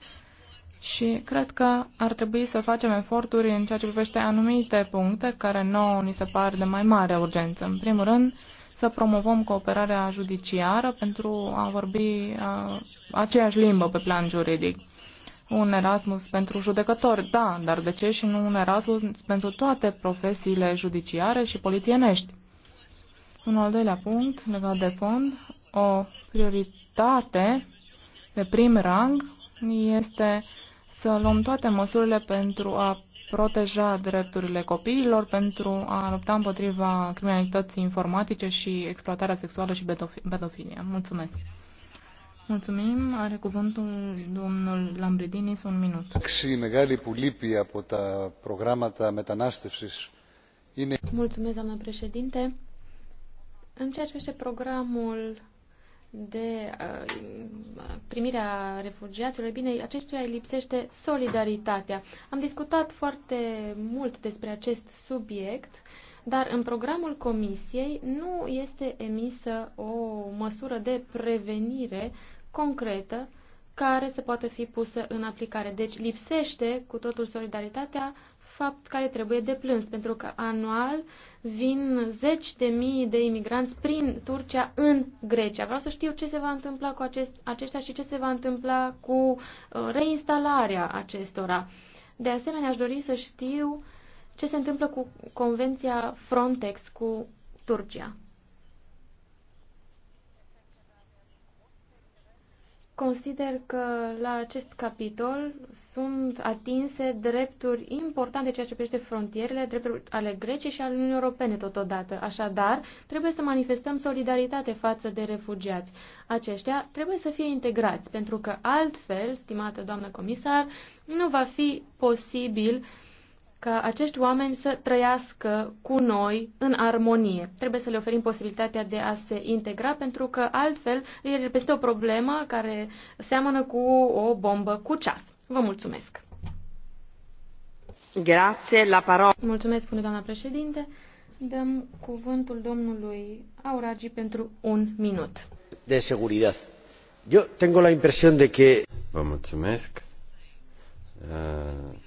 și cred că ar trebui să facem eforturi în ceea ce privește anumite puncte care nouă ni se par de mai mare urgență. În primul rând, să promovăm cooperarea judiciară pentru a vorbi a, aceeași limbă pe plan juridic. Un Erasmus pentru judecători, da, dar de ce și nu un Erasmus pentru toate profesiile judiciare și polițienești? Un al doilea punct legat de fond, o prioritate de prim rang este să luăm toate măsurile pentru a proteja drepturile copiilor, pentru a lupta împotriva criminalității informatice și exploatarea sexuală și pedofilia. Mulțumesc! Mulțumim. Are cuvântul domnul Lambridis, un minut. Mulțumesc, doamnă președinte. În ceea ce privește programul de primirea refugiaților, bine, acestuia îi lipsește solidaritatea. Am discutat foarte mult despre acest subiect, dar în programul comisiei nu este emisă o măsură de prevenire concretă care se poate fi pusă în aplicare. Deci lipsește cu totul solidaritatea, fapt care trebuie deplâns, pentru că anual vin zeci de mii de imigranți prin Turcia în Grecia. Vreau să știu ce se va întâmpla cu acest, aceștia și ce se va întâmpla cu uh, reinstalarea acestora. De asemenea, aș dori să știu ce se întâmplă cu Convenția Frontex cu Turcia. consider că la acest capitol sunt atinse drepturi importante ceea ce privește frontierele, drepturi ale Greciei și ale Uniunii Europene totodată. Așadar, trebuie să manifestăm solidaritate față de refugiați. Aceștia trebuie să fie integrați, pentru că altfel, stimată doamnă comisar, nu va fi posibil uh, ca acești oameni să trăiască cu noi în armonie. Trebuie să le oferim posibilitatea de a se integra, pentru că altfel ei reprezintă o problemă care seamănă cu o bombă cu ceas. Vă mulțumesc! Grație, la parola. Mulțumesc, spune doamna președinte. Dăm cuvântul domnului Auragi pentru un minut. De securitate. Eu tengo la impresión de que... Vă mulțumesc. Uh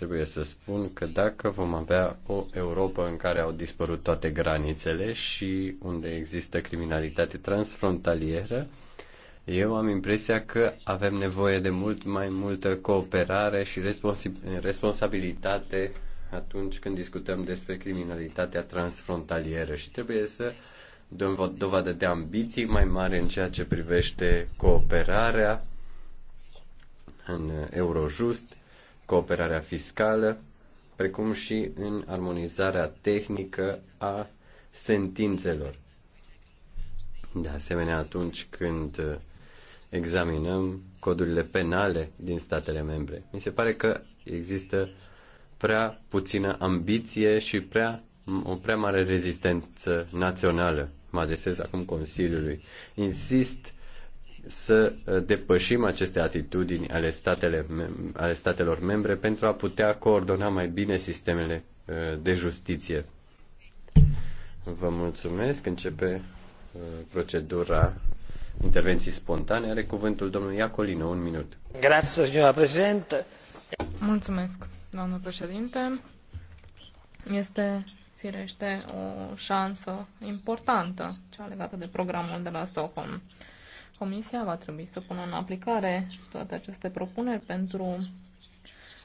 Trebuie să spun că dacă vom avea o Europa în care au dispărut toate granițele și unde există criminalitate transfrontalieră, eu am impresia că avem nevoie de mult mai multă cooperare și responsabilitate atunci când discutăm despre criminalitatea transfrontalieră și trebuie să dăm dovadă de ambiții mai mari în ceea ce privește cooperarea în Eurojust cooperarea fiscală, precum și în armonizarea tehnică a sentințelor. De asemenea, atunci când examinăm codurile penale din statele membre, mi se pare că există prea puțină ambiție și prea, o prea mare rezistență națională. Mă adresez acum Consiliului. Insist să uh, depășim aceste atitudini ale, statele, ale statelor membre pentru a putea coordona mai bine sistemele uh, de justiție. Vă mulțumesc. Începe uh, procedura intervenții spontane. Are cuvântul domnul Iacolino, un minut. Grazie, signora președinte. Mulțumesc, domnul președinte. Este firește o șansă importantă, cea legată de programul de la Stockholm. Comisia va trebui să pună în aplicare toate aceste propuneri pentru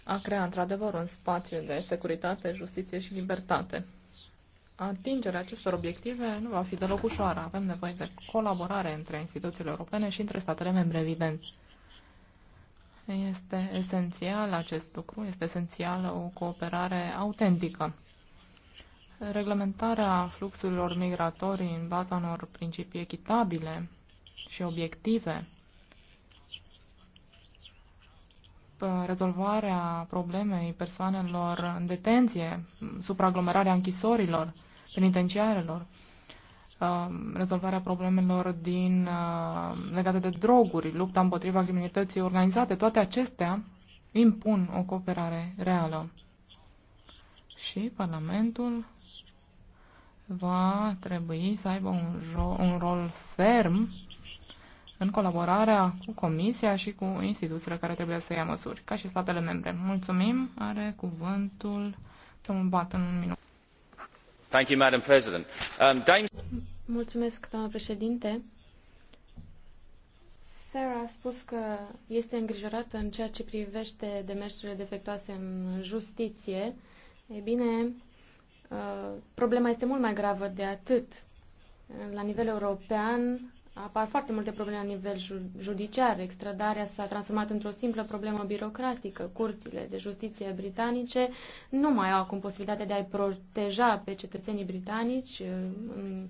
a crea într-adevăr un spațiu de securitate, justiție și libertate. Atingerea acestor obiective nu va fi deloc ușoară. Avem nevoie de colaborare între instituțiile europene și între statele membre, evident. Este esențial acest lucru, este esențială o cooperare autentică. Reglementarea fluxurilor migratorii în baza unor principii echitabile și obiective, rezolvarea problemei persoanelor în detenție, supraaglomerarea închisorilor, penitenciarelor, rezolvarea problemelor din, ă, legate de droguri, lupta împotriva criminalității organizate, toate acestea impun o cooperare reală. Și Parlamentul va trebui să aibă un, un rol ferm în colaborarea cu Comisia și cu instituțiile care trebuie să ia măsuri, ca și statele membre. Mulțumim. Are cuvântul domnul Bat în un minut. Thank you, Madam President. Um, Dame... Mulțumesc, doamnă președinte. Sarah a spus că este îngrijorată în ceea ce privește demersurile defectuoase în justiție. Ei bine, uh, problema este mult mai gravă de atât. La nivel european, apar foarte multe probleme la nivel judiciar. Extradarea s-a transformat într-o simplă problemă birocratică. Curțile de justiție britanice nu mai au acum posibilitatea de a-i proteja pe cetățenii britanici uh,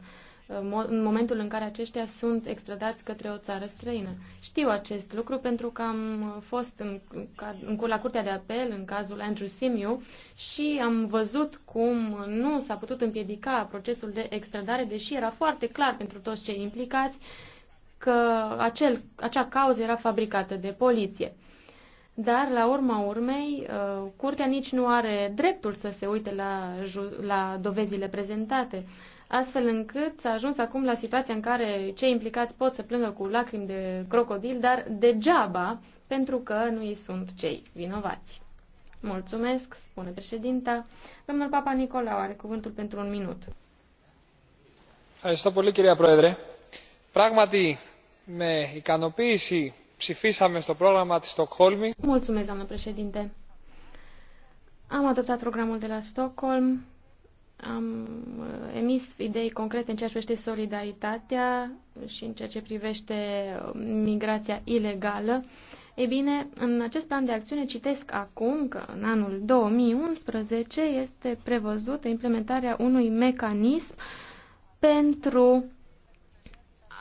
în momentul în care aceștia sunt extradați către o țară străină. Știu acest lucru pentru că am fost în, în, la Curtea de Apel în cazul Andrew Simiu și am văzut cum nu s-a putut împiedica procesul de extradare, deși era foarte clar pentru toți cei implicați că acel, acea cauză era fabricată de poliție. Dar, la urma urmei, uh, curtea nici nu are dreptul să se uite la, la dovezile prezentate astfel încât s-a ajuns acum la situația în care cei implicați pot să plângă cu lacrimi de crocodil, dar degeaba, pentru că nu ei sunt cei vinovați. Mulțumesc, spune președinta. Domnul Papa Nicolau are cuvântul pentru un minut. Ευχαριστώ πολύ κυρία Πρόεδρε. Πράγματι, με ικανοποίηση ψηφίσαμε στο πρόγραμμα της Στοκχόλμης. Mulțumesc, doamnă președinte. Am adoptat programul de la Stockholm am uh, emis idei concrete în ceea ce privește solidaritatea și în ceea ce privește uh, migrația ilegală. Ei bine, în acest plan de acțiune citesc acum că în anul 2011 este prevăzută implementarea unui mecanism pentru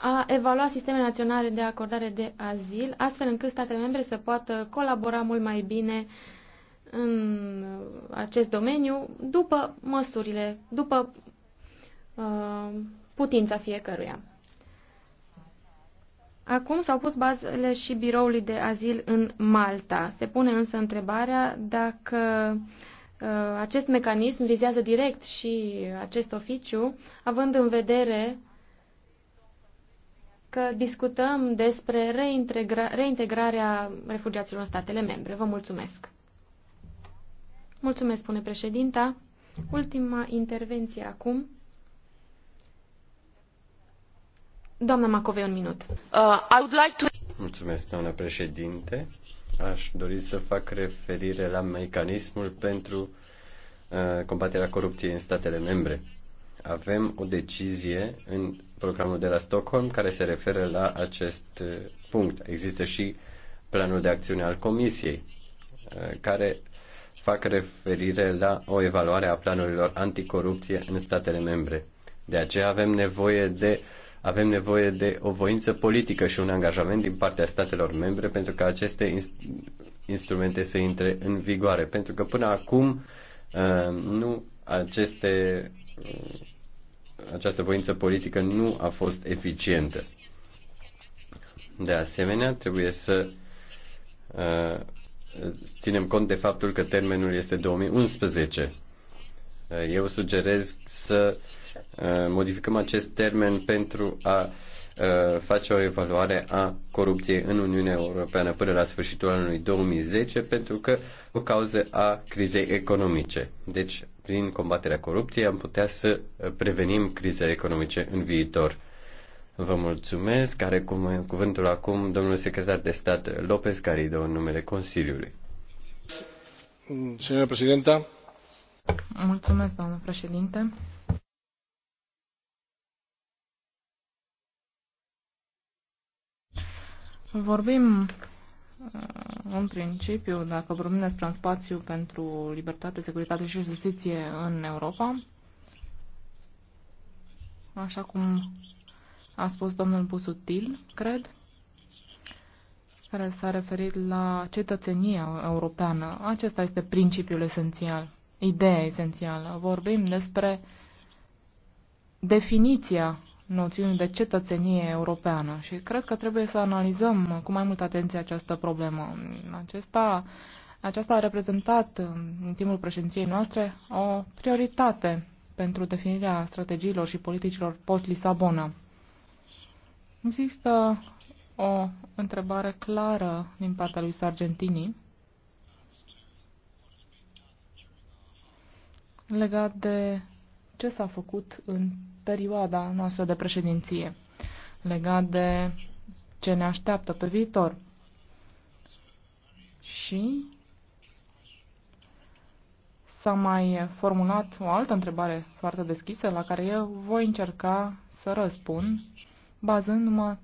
a evalua sistemele naționale de acordare de azil, astfel încât statele membre să poată colabora mult mai bine uh, în acest domeniu după măsurile, după uh, putința fiecăruia. Acum s-au pus bazele și biroului de azil în Malta. Se pune însă întrebarea dacă uh, acest mecanism vizează direct și acest oficiu, având în vedere că discutăm despre reintegra- reintegrarea refugiaților în statele membre. Vă mulțumesc! Mulțumesc, spune președinta. Ultima intervenție acum. Doamna Macove, un minut. Uh, I would like to... Mulțumesc, doamna președinte. Aș dori să fac referire la mecanismul pentru uh, combaterea corupției în statele membre. Avem o decizie în programul de la Stockholm care se referă la acest uh, punct. Există și planul de acțiune al Comisiei, uh, care fac referire la o evaluare a planurilor anticorupție în statele membre. De aceea avem nevoie de avem nevoie de o voință politică și un angajament din partea statelor membre pentru ca aceste inst- instrumente să intre în vigoare. Pentru că până acum uh, nu aceste, uh, această voință politică nu a fost eficientă. De asemenea, trebuie să uh, ținem cont de faptul că termenul este 2011. Eu sugerez să uh, modificăm acest termen pentru a uh, face o evaluare a corupției în Uniunea Europeană până la sfârșitul anului 2010 pentru că o cauză a crizei economice. Deci, prin combaterea corupției am putea să prevenim crize economice în viitor. Vă mulțumesc. Are cum, cuvântul acum domnul secretar de stat López Garrido în numele Consiliului. Señora Presidenta. Mulțumesc, doamnă președinte. Vorbim uh, în principiu, dacă vorbim despre un spațiu pentru libertate, securitate și justiție în Europa, așa cum a spus domnul Busutil, cred, care s-a referit la cetățenia europeană. Acesta este principiul esențial, ideea esențială. Vorbim despre definiția noțiunii de cetățenie europeană și cred că trebuie să analizăm cu mai multă atenție această problemă. Acesta, aceasta a reprezentat în timpul președinției noastre o prioritate pentru definirea strategiilor și politicilor post-Lisabona. Există o întrebare clară din partea lui Sargentini legat de ce s-a făcut în perioada noastră de președinție, legat de ce ne așteaptă pe viitor. Și s-a mai formulat o altă întrebare foarte deschisă la care eu voi încerca să răspund bazându-mă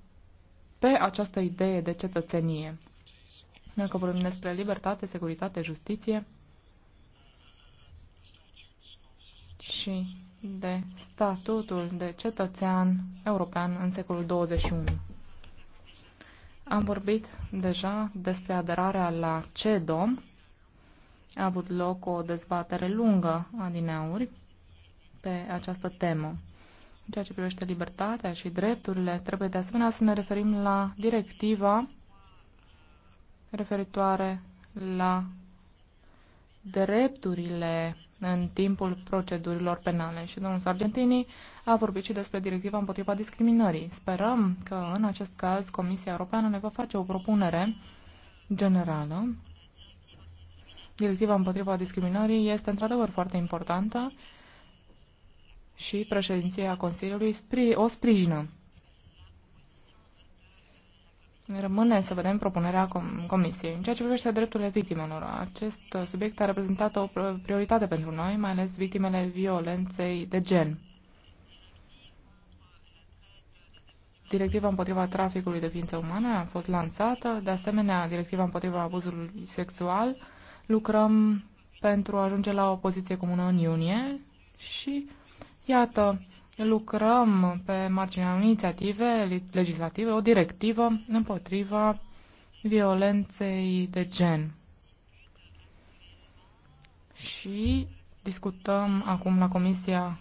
pe această idee de cetățenie. Dacă vorbim despre libertate, securitate, justiție și de statutul de cetățean european în secolul 21. Am vorbit deja despre aderarea la CEDOM. A avut loc o dezbatere lungă dineauri pe această temă. În ceea ce privește libertatea și drepturile, trebuie de asemenea să ne referim la directiva referitoare la drepturile în timpul procedurilor penale. Și domnul Sargentini a vorbit și despre directiva împotriva discriminării. Sperăm că în acest caz Comisia Europeană ne va face o propunere generală. Directiva împotriva discriminării este într-adevăr foarte importantă și președinția Consiliului o sprijină. Rămâne să vedem propunerea com Comisiei. În ceea ce privește drepturile victimelor, acest subiect a reprezentat o prioritate pentru noi, mai ales victimele violenței de gen. Directiva împotriva traficului de ființe umane a fost lansată, de asemenea, directiva împotriva abuzului sexual. Lucrăm pentru a ajunge la o poziție comună în iunie și Iată, lucrăm pe marginea unei inițiative legislative, o directivă împotriva violenței de gen. Și discutăm acum la Comisia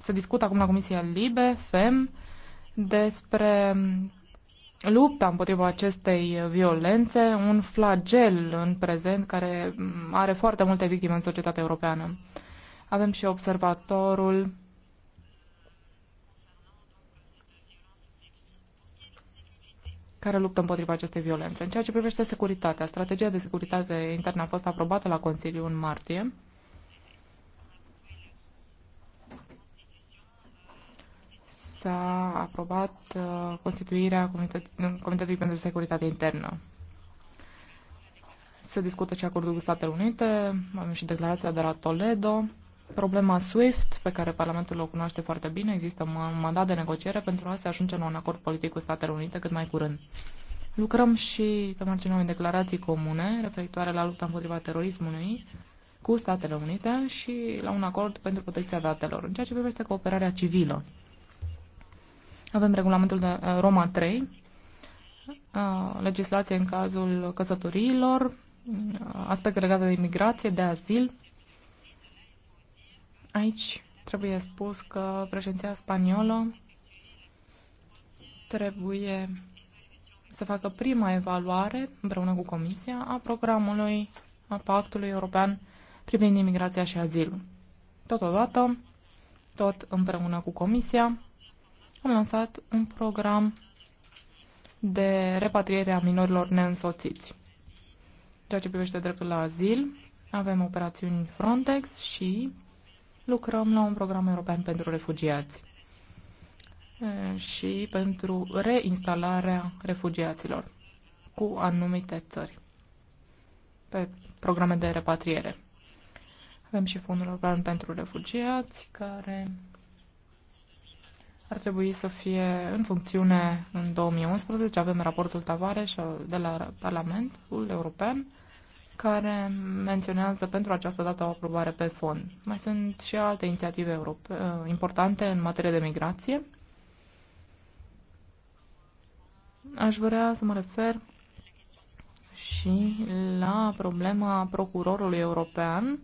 se discută acum la Comisia Libe, FEM, despre lupta împotriva acestei violențe, un flagel în prezent care are foarte multe victime în societatea europeană. Avem și observatorul care luptă împotriva acestei violențe. În ceea ce privește securitatea, strategia de securitate internă a fost aprobată la Consiliu în martie. S-a aprobat uh, constituirea Comitetului pentru Securitate Internă. Se discută și acordul cu Statele Unite, avem și declarația de la Toledo problema SWIFT, pe care Parlamentul o cunoaște foarte bine, există un mandat de negociere pentru a se ajunge la un acord politic cu Statele Unite cât mai curând. Lucrăm și pe marginea unei declarații comune referitoare la lupta împotriva terorismului cu Statele Unite și la un acord pentru protecția datelor, în ceea ce privește cooperarea civilă. Avem regulamentul de eh, Roma 3, eh, legislație în cazul căsătoriilor, eh, aspecte legate de imigrație, de azil, Aici trebuie spus că președinția spaniolă trebuie să facă prima evaluare împreună cu Comisia a programului a Pactului European privind imigrația și azilul. Totodată, tot împreună cu Comisia, am lansat un program de repatriere a minorilor neînsoțiți. Ceea ce privește dreptul la azil, avem operațiuni Frontex și lucrăm la un program european pentru refugiați și pentru reinstalarea refugiaților cu anumite țări pe programe de repatriere. Avem și Fondul European pentru Refugiați, care ar trebui să fie în funcțiune în 2011. Avem raportul Tavares de la Parlamentul European care menționează pentru această dată o aprobare pe fond. Mai sunt și alte inițiative europe, uh, importante în materie de migrație. Aș vrea să mă refer și la problema procurorului european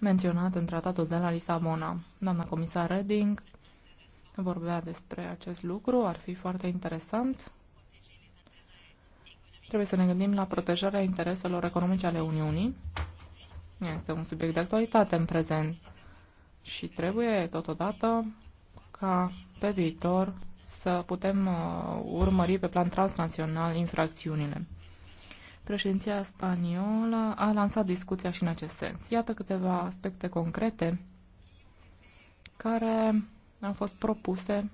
menționat în tratatul de la Lisabona. Doamna comisar Reding vorbea despre acest lucru, ar fi foarte interesant Trebuie să ne gândim la protejarea intereselor economice ale Uniunii. Este un subiect de actualitate în prezent și trebuie totodată ca pe viitor să putem uh, urmări pe plan transnațional infracțiunile. Președinția spaniolă a lansat discuția și în acest sens. Iată câteva aspecte concrete care au fost propuse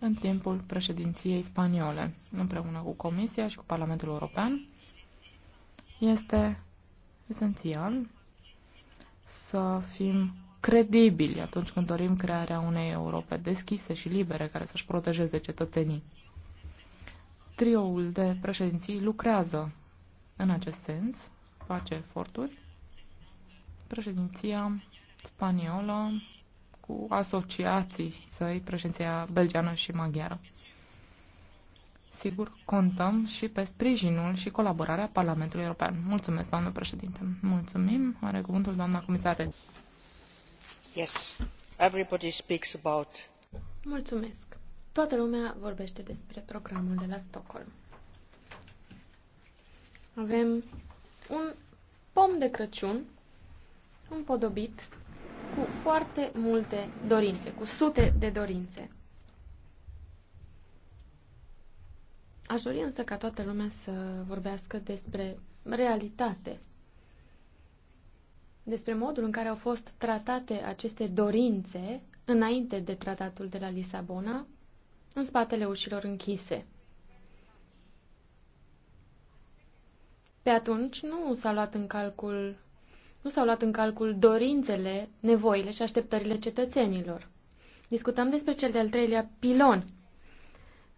în timpul președinției spaniole, împreună cu Comisia și cu Parlamentul European, este esențial să fim credibili atunci când dorim crearea unei Europe deschise și libere care să-și protejeze cetățenii. Trioul de președinții lucrează în acest sens, face eforturi. Președinția spaniolă cu asociații săi, președinția belgeană și maghiară. Sigur, contăm și pe sprijinul și colaborarea Parlamentului European. Mulțumesc, doamnă președinte. Mulțumim. Are cuvântul doamna comisară. Yes, everybody speaks about... Mulțumesc. Toată lumea vorbește despre programul de la Stockholm. Avem un pom de Crăciun împodobit cu foarte multe dorințe, cu sute de dorințe. Aș dori însă ca toată lumea să vorbească despre realitate, despre modul în care au fost tratate aceste dorințe înainte de tratatul de la Lisabona, în spatele ușilor închise. Pe atunci nu s-a luat în calcul nu s-au luat în calcul dorințele, nevoile și așteptările cetățenilor. Discutăm despre cel de-al treilea pilon,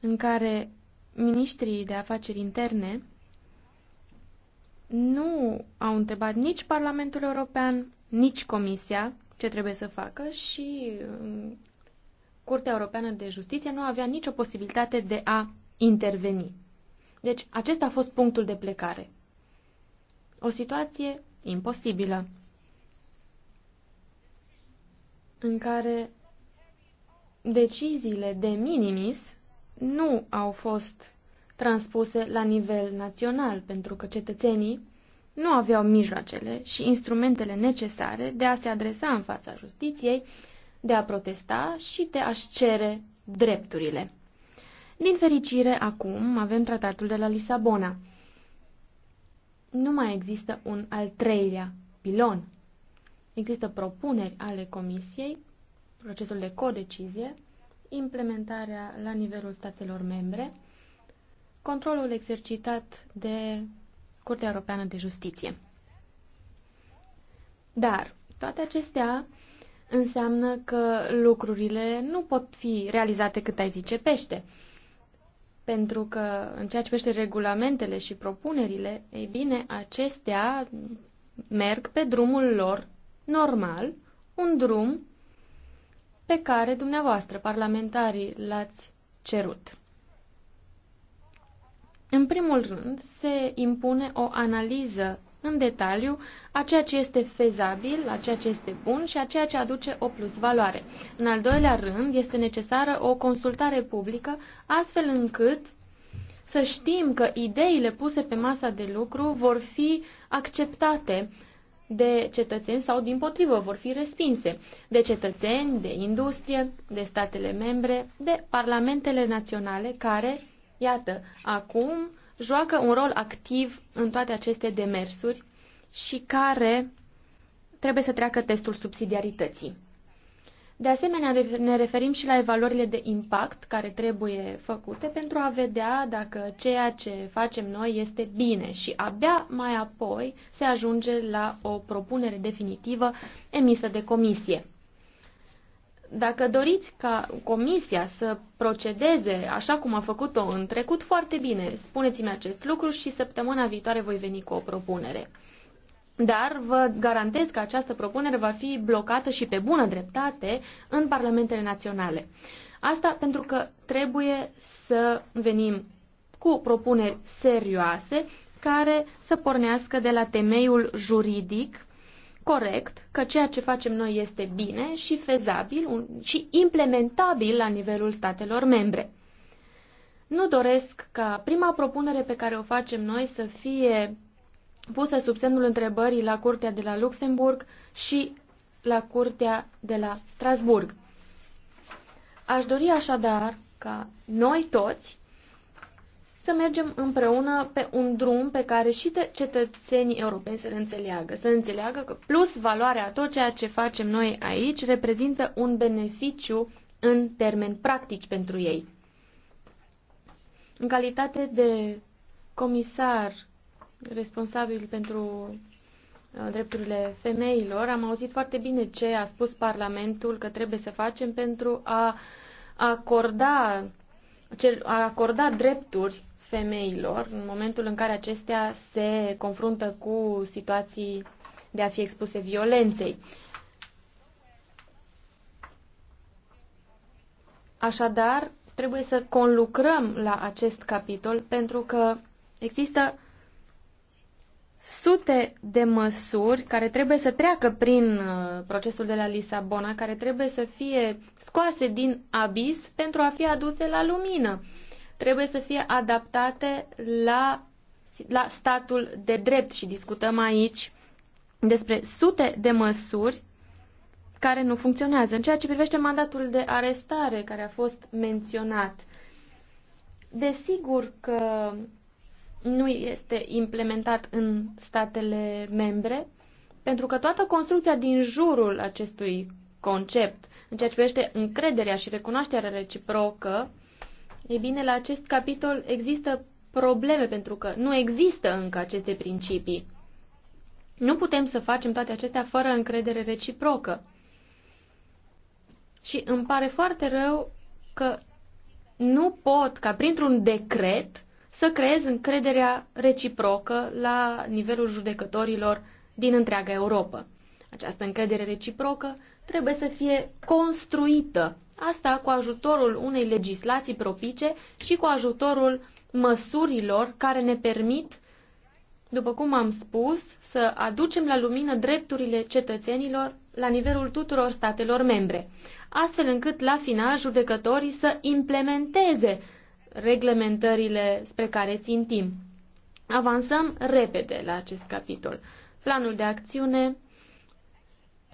în care ministrii de afaceri interne nu au întrebat nici Parlamentul European, nici Comisia ce trebuie să facă și um, Curtea Europeană de Justiție nu avea nicio posibilitate de a interveni. Deci, acesta a fost punctul de plecare. O situație imposibilă, în care deciziile de minimis nu au fost transpuse la nivel național, pentru că cetățenii nu aveau mijloacele și instrumentele necesare de a se adresa în fața justiției, de a protesta și de a-și cere drepturile. Din fericire, acum avem tratatul de la Lisabona – nu mai există un al treilea pilon. Există propuneri ale Comisiei, procesul de codecizie, implementarea la nivelul statelor membre, controlul exercitat de Curtea Europeană de Justiție. Dar toate acestea înseamnă că lucrurile nu pot fi realizate cât ai zice pește pentru că în ceea ce privește regulamentele și propunerile, ei bine, acestea merg pe drumul lor normal, un drum pe care dumneavoastră, parlamentarii, l-ați cerut. În primul rând, se impune o analiză în detaliu a ceea ce este fezabil, a ceea ce este bun și a ceea ce aduce o plus valoare. În al doilea rând, este necesară o consultare publică, astfel încât să știm că ideile puse pe masa de lucru vor fi acceptate de cetățeni sau, din potrivă, vor fi respinse de cetățeni, de industrie, de statele membre, de parlamentele naționale care, iată, acum joacă un rol activ în toate aceste demersuri și care trebuie să treacă testul subsidiarității. De asemenea, ne referim și la evaluările de impact care trebuie făcute pentru a vedea dacă ceea ce facem noi este bine și abia mai apoi se ajunge la o propunere definitivă emisă de comisie. Dacă doriți ca Comisia să procedeze așa cum a făcut-o în trecut, foarte bine, spuneți-mi acest lucru și săptămâna viitoare voi veni cu o propunere. Dar vă garantez că această propunere va fi blocată și pe bună dreptate în parlamentele naționale. Asta pentru că trebuie să venim cu propuneri serioase care să pornească de la temeiul juridic corect, că ceea ce facem noi este bine și fezabil și implementabil la nivelul statelor membre. Nu doresc ca prima propunere pe care o facem noi să fie pusă sub semnul întrebării la Curtea de la Luxemburg și la Curtea de la Strasburg. Aș dori așadar ca noi toți să mergem împreună pe un drum pe care și cetățenii europeni să înțeleagă. Să înțeleagă că plus valoarea tot ceea ce facem noi aici reprezintă un beneficiu în termeni practici pentru ei. În calitate de comisar responsabil pentru uh, drepturile femeilor, am auzit foarte bine ce a spus Parlamentul că trebuie să facem pentru a acorda a acorda drepturi femeilor în momentul în care acestea se confruntă cu situații de a fi expuse violenței. Așadar, trebuie să conlucrăm la acest capitol pentru că există sute de măsuri care trebuie să treacă prin uh, procesul de la Lisabona, care trebuie să fie scoase din abis pentru a fi aduse la lumină trebuie să fie adaptate la, la statul de drept și discutăm aici despre sute de măsuri care nu funcționează. În ceea ce privește mandatul de arestare care a fost menționat, desigur că nu este implementat în statele membre, pentru că toată construcția din jurul acestui concept, în ceea ce privește încrederea și recunoașterea reciprocă, ei bine, la acest capitol există probleme pentru că nu există încă aceste principii. Nu putem să facem toate acestea fără încredere reciprocă. Și îmi pare foarte rău că nu pot, ca printr-un decret, să creez încrederea reciprocă la nivelul judecătorilor din întreaga Europa. Această încredere reciprocă trebuie să fie construită Asta cu ajutorul unei legislații propice și cu ajutorul măsurilor care ne permit, după cum am spus, să aducem la lumină drepturile cetățenilor la nivelul tuturor statelor membre, astfel încât la final judecătorii să implementeze reglementările spre care țintim. Avansăm repede la acest capitol. Planul de acțiune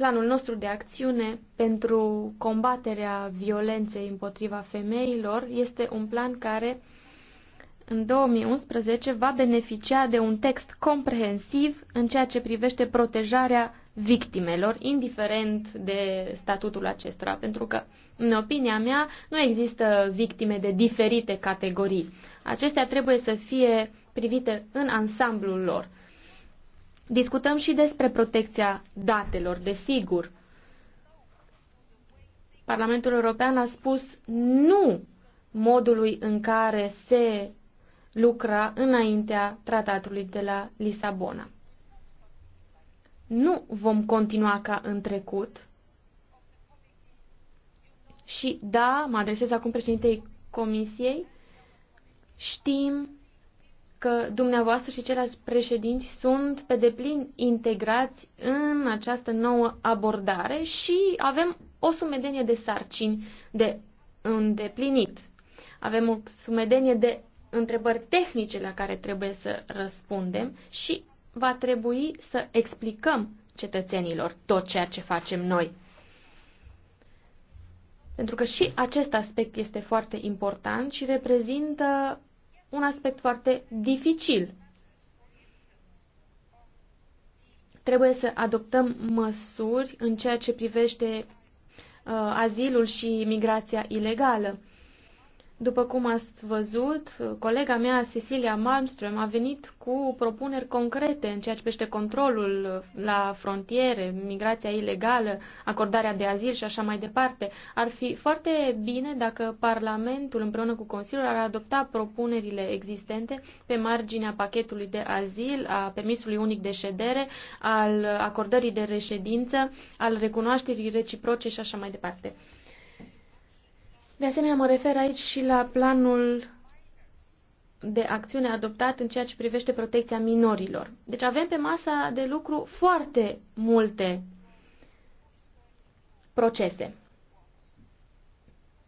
Planul nostru de acțiune pentru combaterea violenței împotriva femeilor este un plan care în 2011 va beneficia de un text comprehensiv în ceea ce privește protejarea victimelor, indiferent de statutul acestora, pentru că, în opinia mea, nu există victime de diferite categorii. Acestea trebuie să fie privite în ansamblul lor. Discutăm și despre protecția datelor, desigur. Parlamentul European a spus nu modului în care se lucra înaintea tratatului de la Lisabona. Nu vom continua ca în trecut. Și da, mă adresez acum președintei Comisiei, știm că dumneavoastră și ceilalți președinți sunt pe deplin integrați în această nouă abordare și avem o sumedenie de sarcini de îndeplinit. Avem o sumedenie de întrebări tehnice la care trebuie să răspundem și va trebui să explicăm cetățenilor tot ceea ce facem noi. Pentru că și acest aspect este foarte important și reprezintă un aspect foarte dificil. Trebuie să adoptăm măsuri în ceea ce privește uh, azilul și migrația ilegală. După cum ați văzut, colega mea, Cecilia Malmström, a venit cu propuneri concrete în ceea ce privește controlul la frontiere, migrația ilegală, acordarea de azil și așa mai departe. Ar fi foarte bine dacă Parlamentul împreună cu Consiliul ar adopta propunerile existente pe marginea pachetului de azil, a permisului unic de ședere, al acordării de reședință, al recunoașterii reciproce și așa mai departe. De asemenea, mă refer aici și la planul de acțiune adoptat în ceea ce privește protecția minorilor. Deci avem pe masa de lucru foarte multe procese.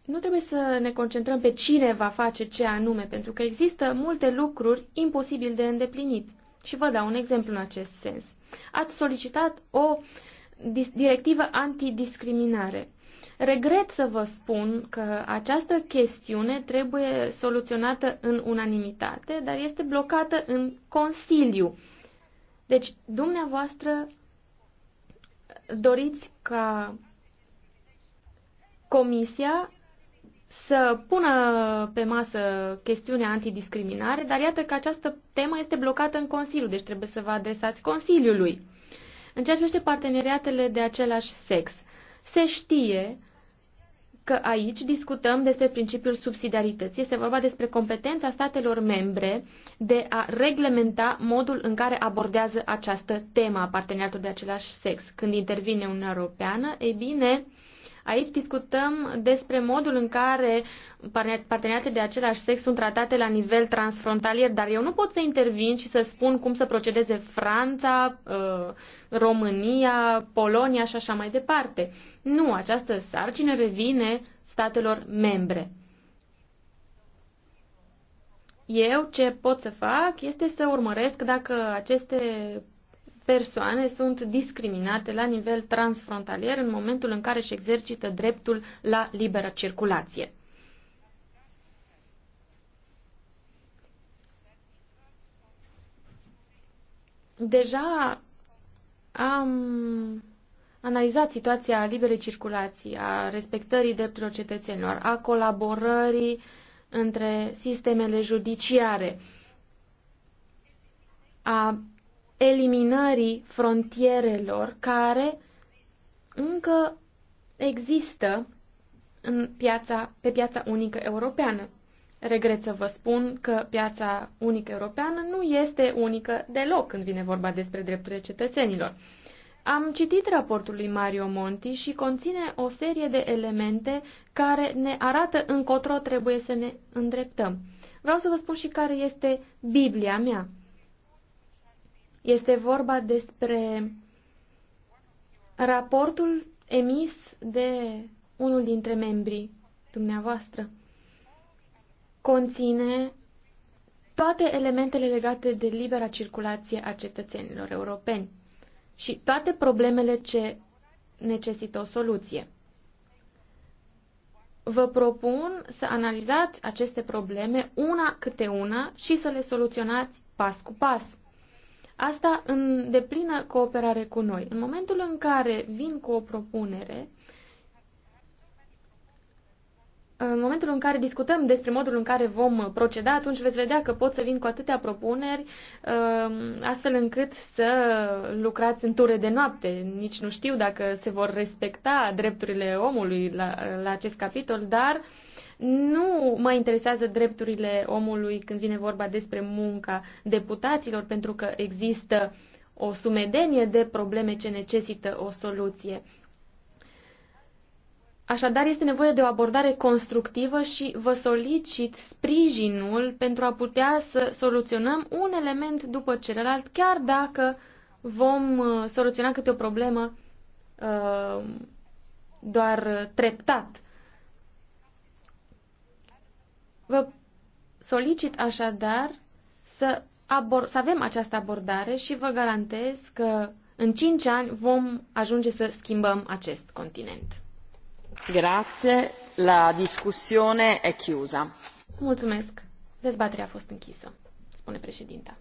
Nu trebuie să ne concentrăm pe cine va face ce anume, pentru că există multe lucruri imposibil de îndeplinit. Și vă dau un exemplu în acest sens. Ați solicitat o directivă antidiscriminare. Regret să vă spun că această chestiune trebuie soluționată în unanimitate, dar este blocată în Consiliu. Deci, dumneavoastră doriți ca Comisia să pună pe masă chestiunea antidiscriminare, dar iată că această temă este blocată în Consiliu, deci trebuie să vă adresați Consiliului. În ceea ce privește parteneriatele de același sex, se știe că aici discutăm despre principiul subsidiarității. Este vorba despre competența statelor membre de a reglementa modul în care abordează această temă a parteneriatului de același sex. Când intervine Uniunea Europeană, e bine, uh, Aici discutăm despre modul în care parteneriatele de același sex sunt tratate la nivel transfrontalier, dar eu nu pot să intervin și să spun cum să procedeze Franța, uh, România, Polonia și așa mai departe. Nu, această sarcină revine statelor membre. Eu ce pot să fac este să urmăresc dacă aceste persoane sunt discriminate la nivel transfrontalier în momentul în care își exercită dreptul la liberă circulație. Deja am analizat situația liberei circulații, a respectării drepturilor cetățenilor, a colaborării între sistemele judiciare, a eliminării frontierelor care încă există în piața, pe piața unică europeană. Regret să vă spun că piața unică europeană nu este unică deloc când vine vorba despre drepturile cetățenilor. Am citit raportul lui Mario Monti și conține o serie de elemente care ne arată încotro trebuie să ne îndreptăm. Vreau să vă spun și care este Biblia mea. Este vorba despre raportul emis de unul dintre membrii dumneavoastră. Conține toate elementele legate de libera circulație a cetățenilor europeni și toate problemele ce necesită o soluție. Vă propun să analizați aceste probleme una câte una și să le soluționați pas cu pas. Asta în deplină cooperare cu noi. În momentul în care vin cu o propunere, în momentul în care discutăm despre modul în care vom proceda, atunci veți vedea că pot să vin cu atâtea propuneri, um, astfel încât să lucrați în ture de noapte. Nici nu știu dacă se vor respecta drepturile omului la, la acest capitol, dar nu mă interesează drepturile omului când vine vorba despre munca deputaților, pentru că există o sumedenie de probleme ce necesită o soluție. Așadar, este nevoie de o abordare constructivă și vă solicit sprijinul pentru a putea să soluționăm un element după celălalt, chiar dacă vom uh, soluționa câte o problemă uh, doar treptat. Vă solicit așadar să, abor- să avem această abordare și vă garantez că în 5 ani vom ajunge să schimbăm acest continent. Grazie, la discussione è chiusa. Mulțumesc. Dezbaterea a fost închisă, spune președinta.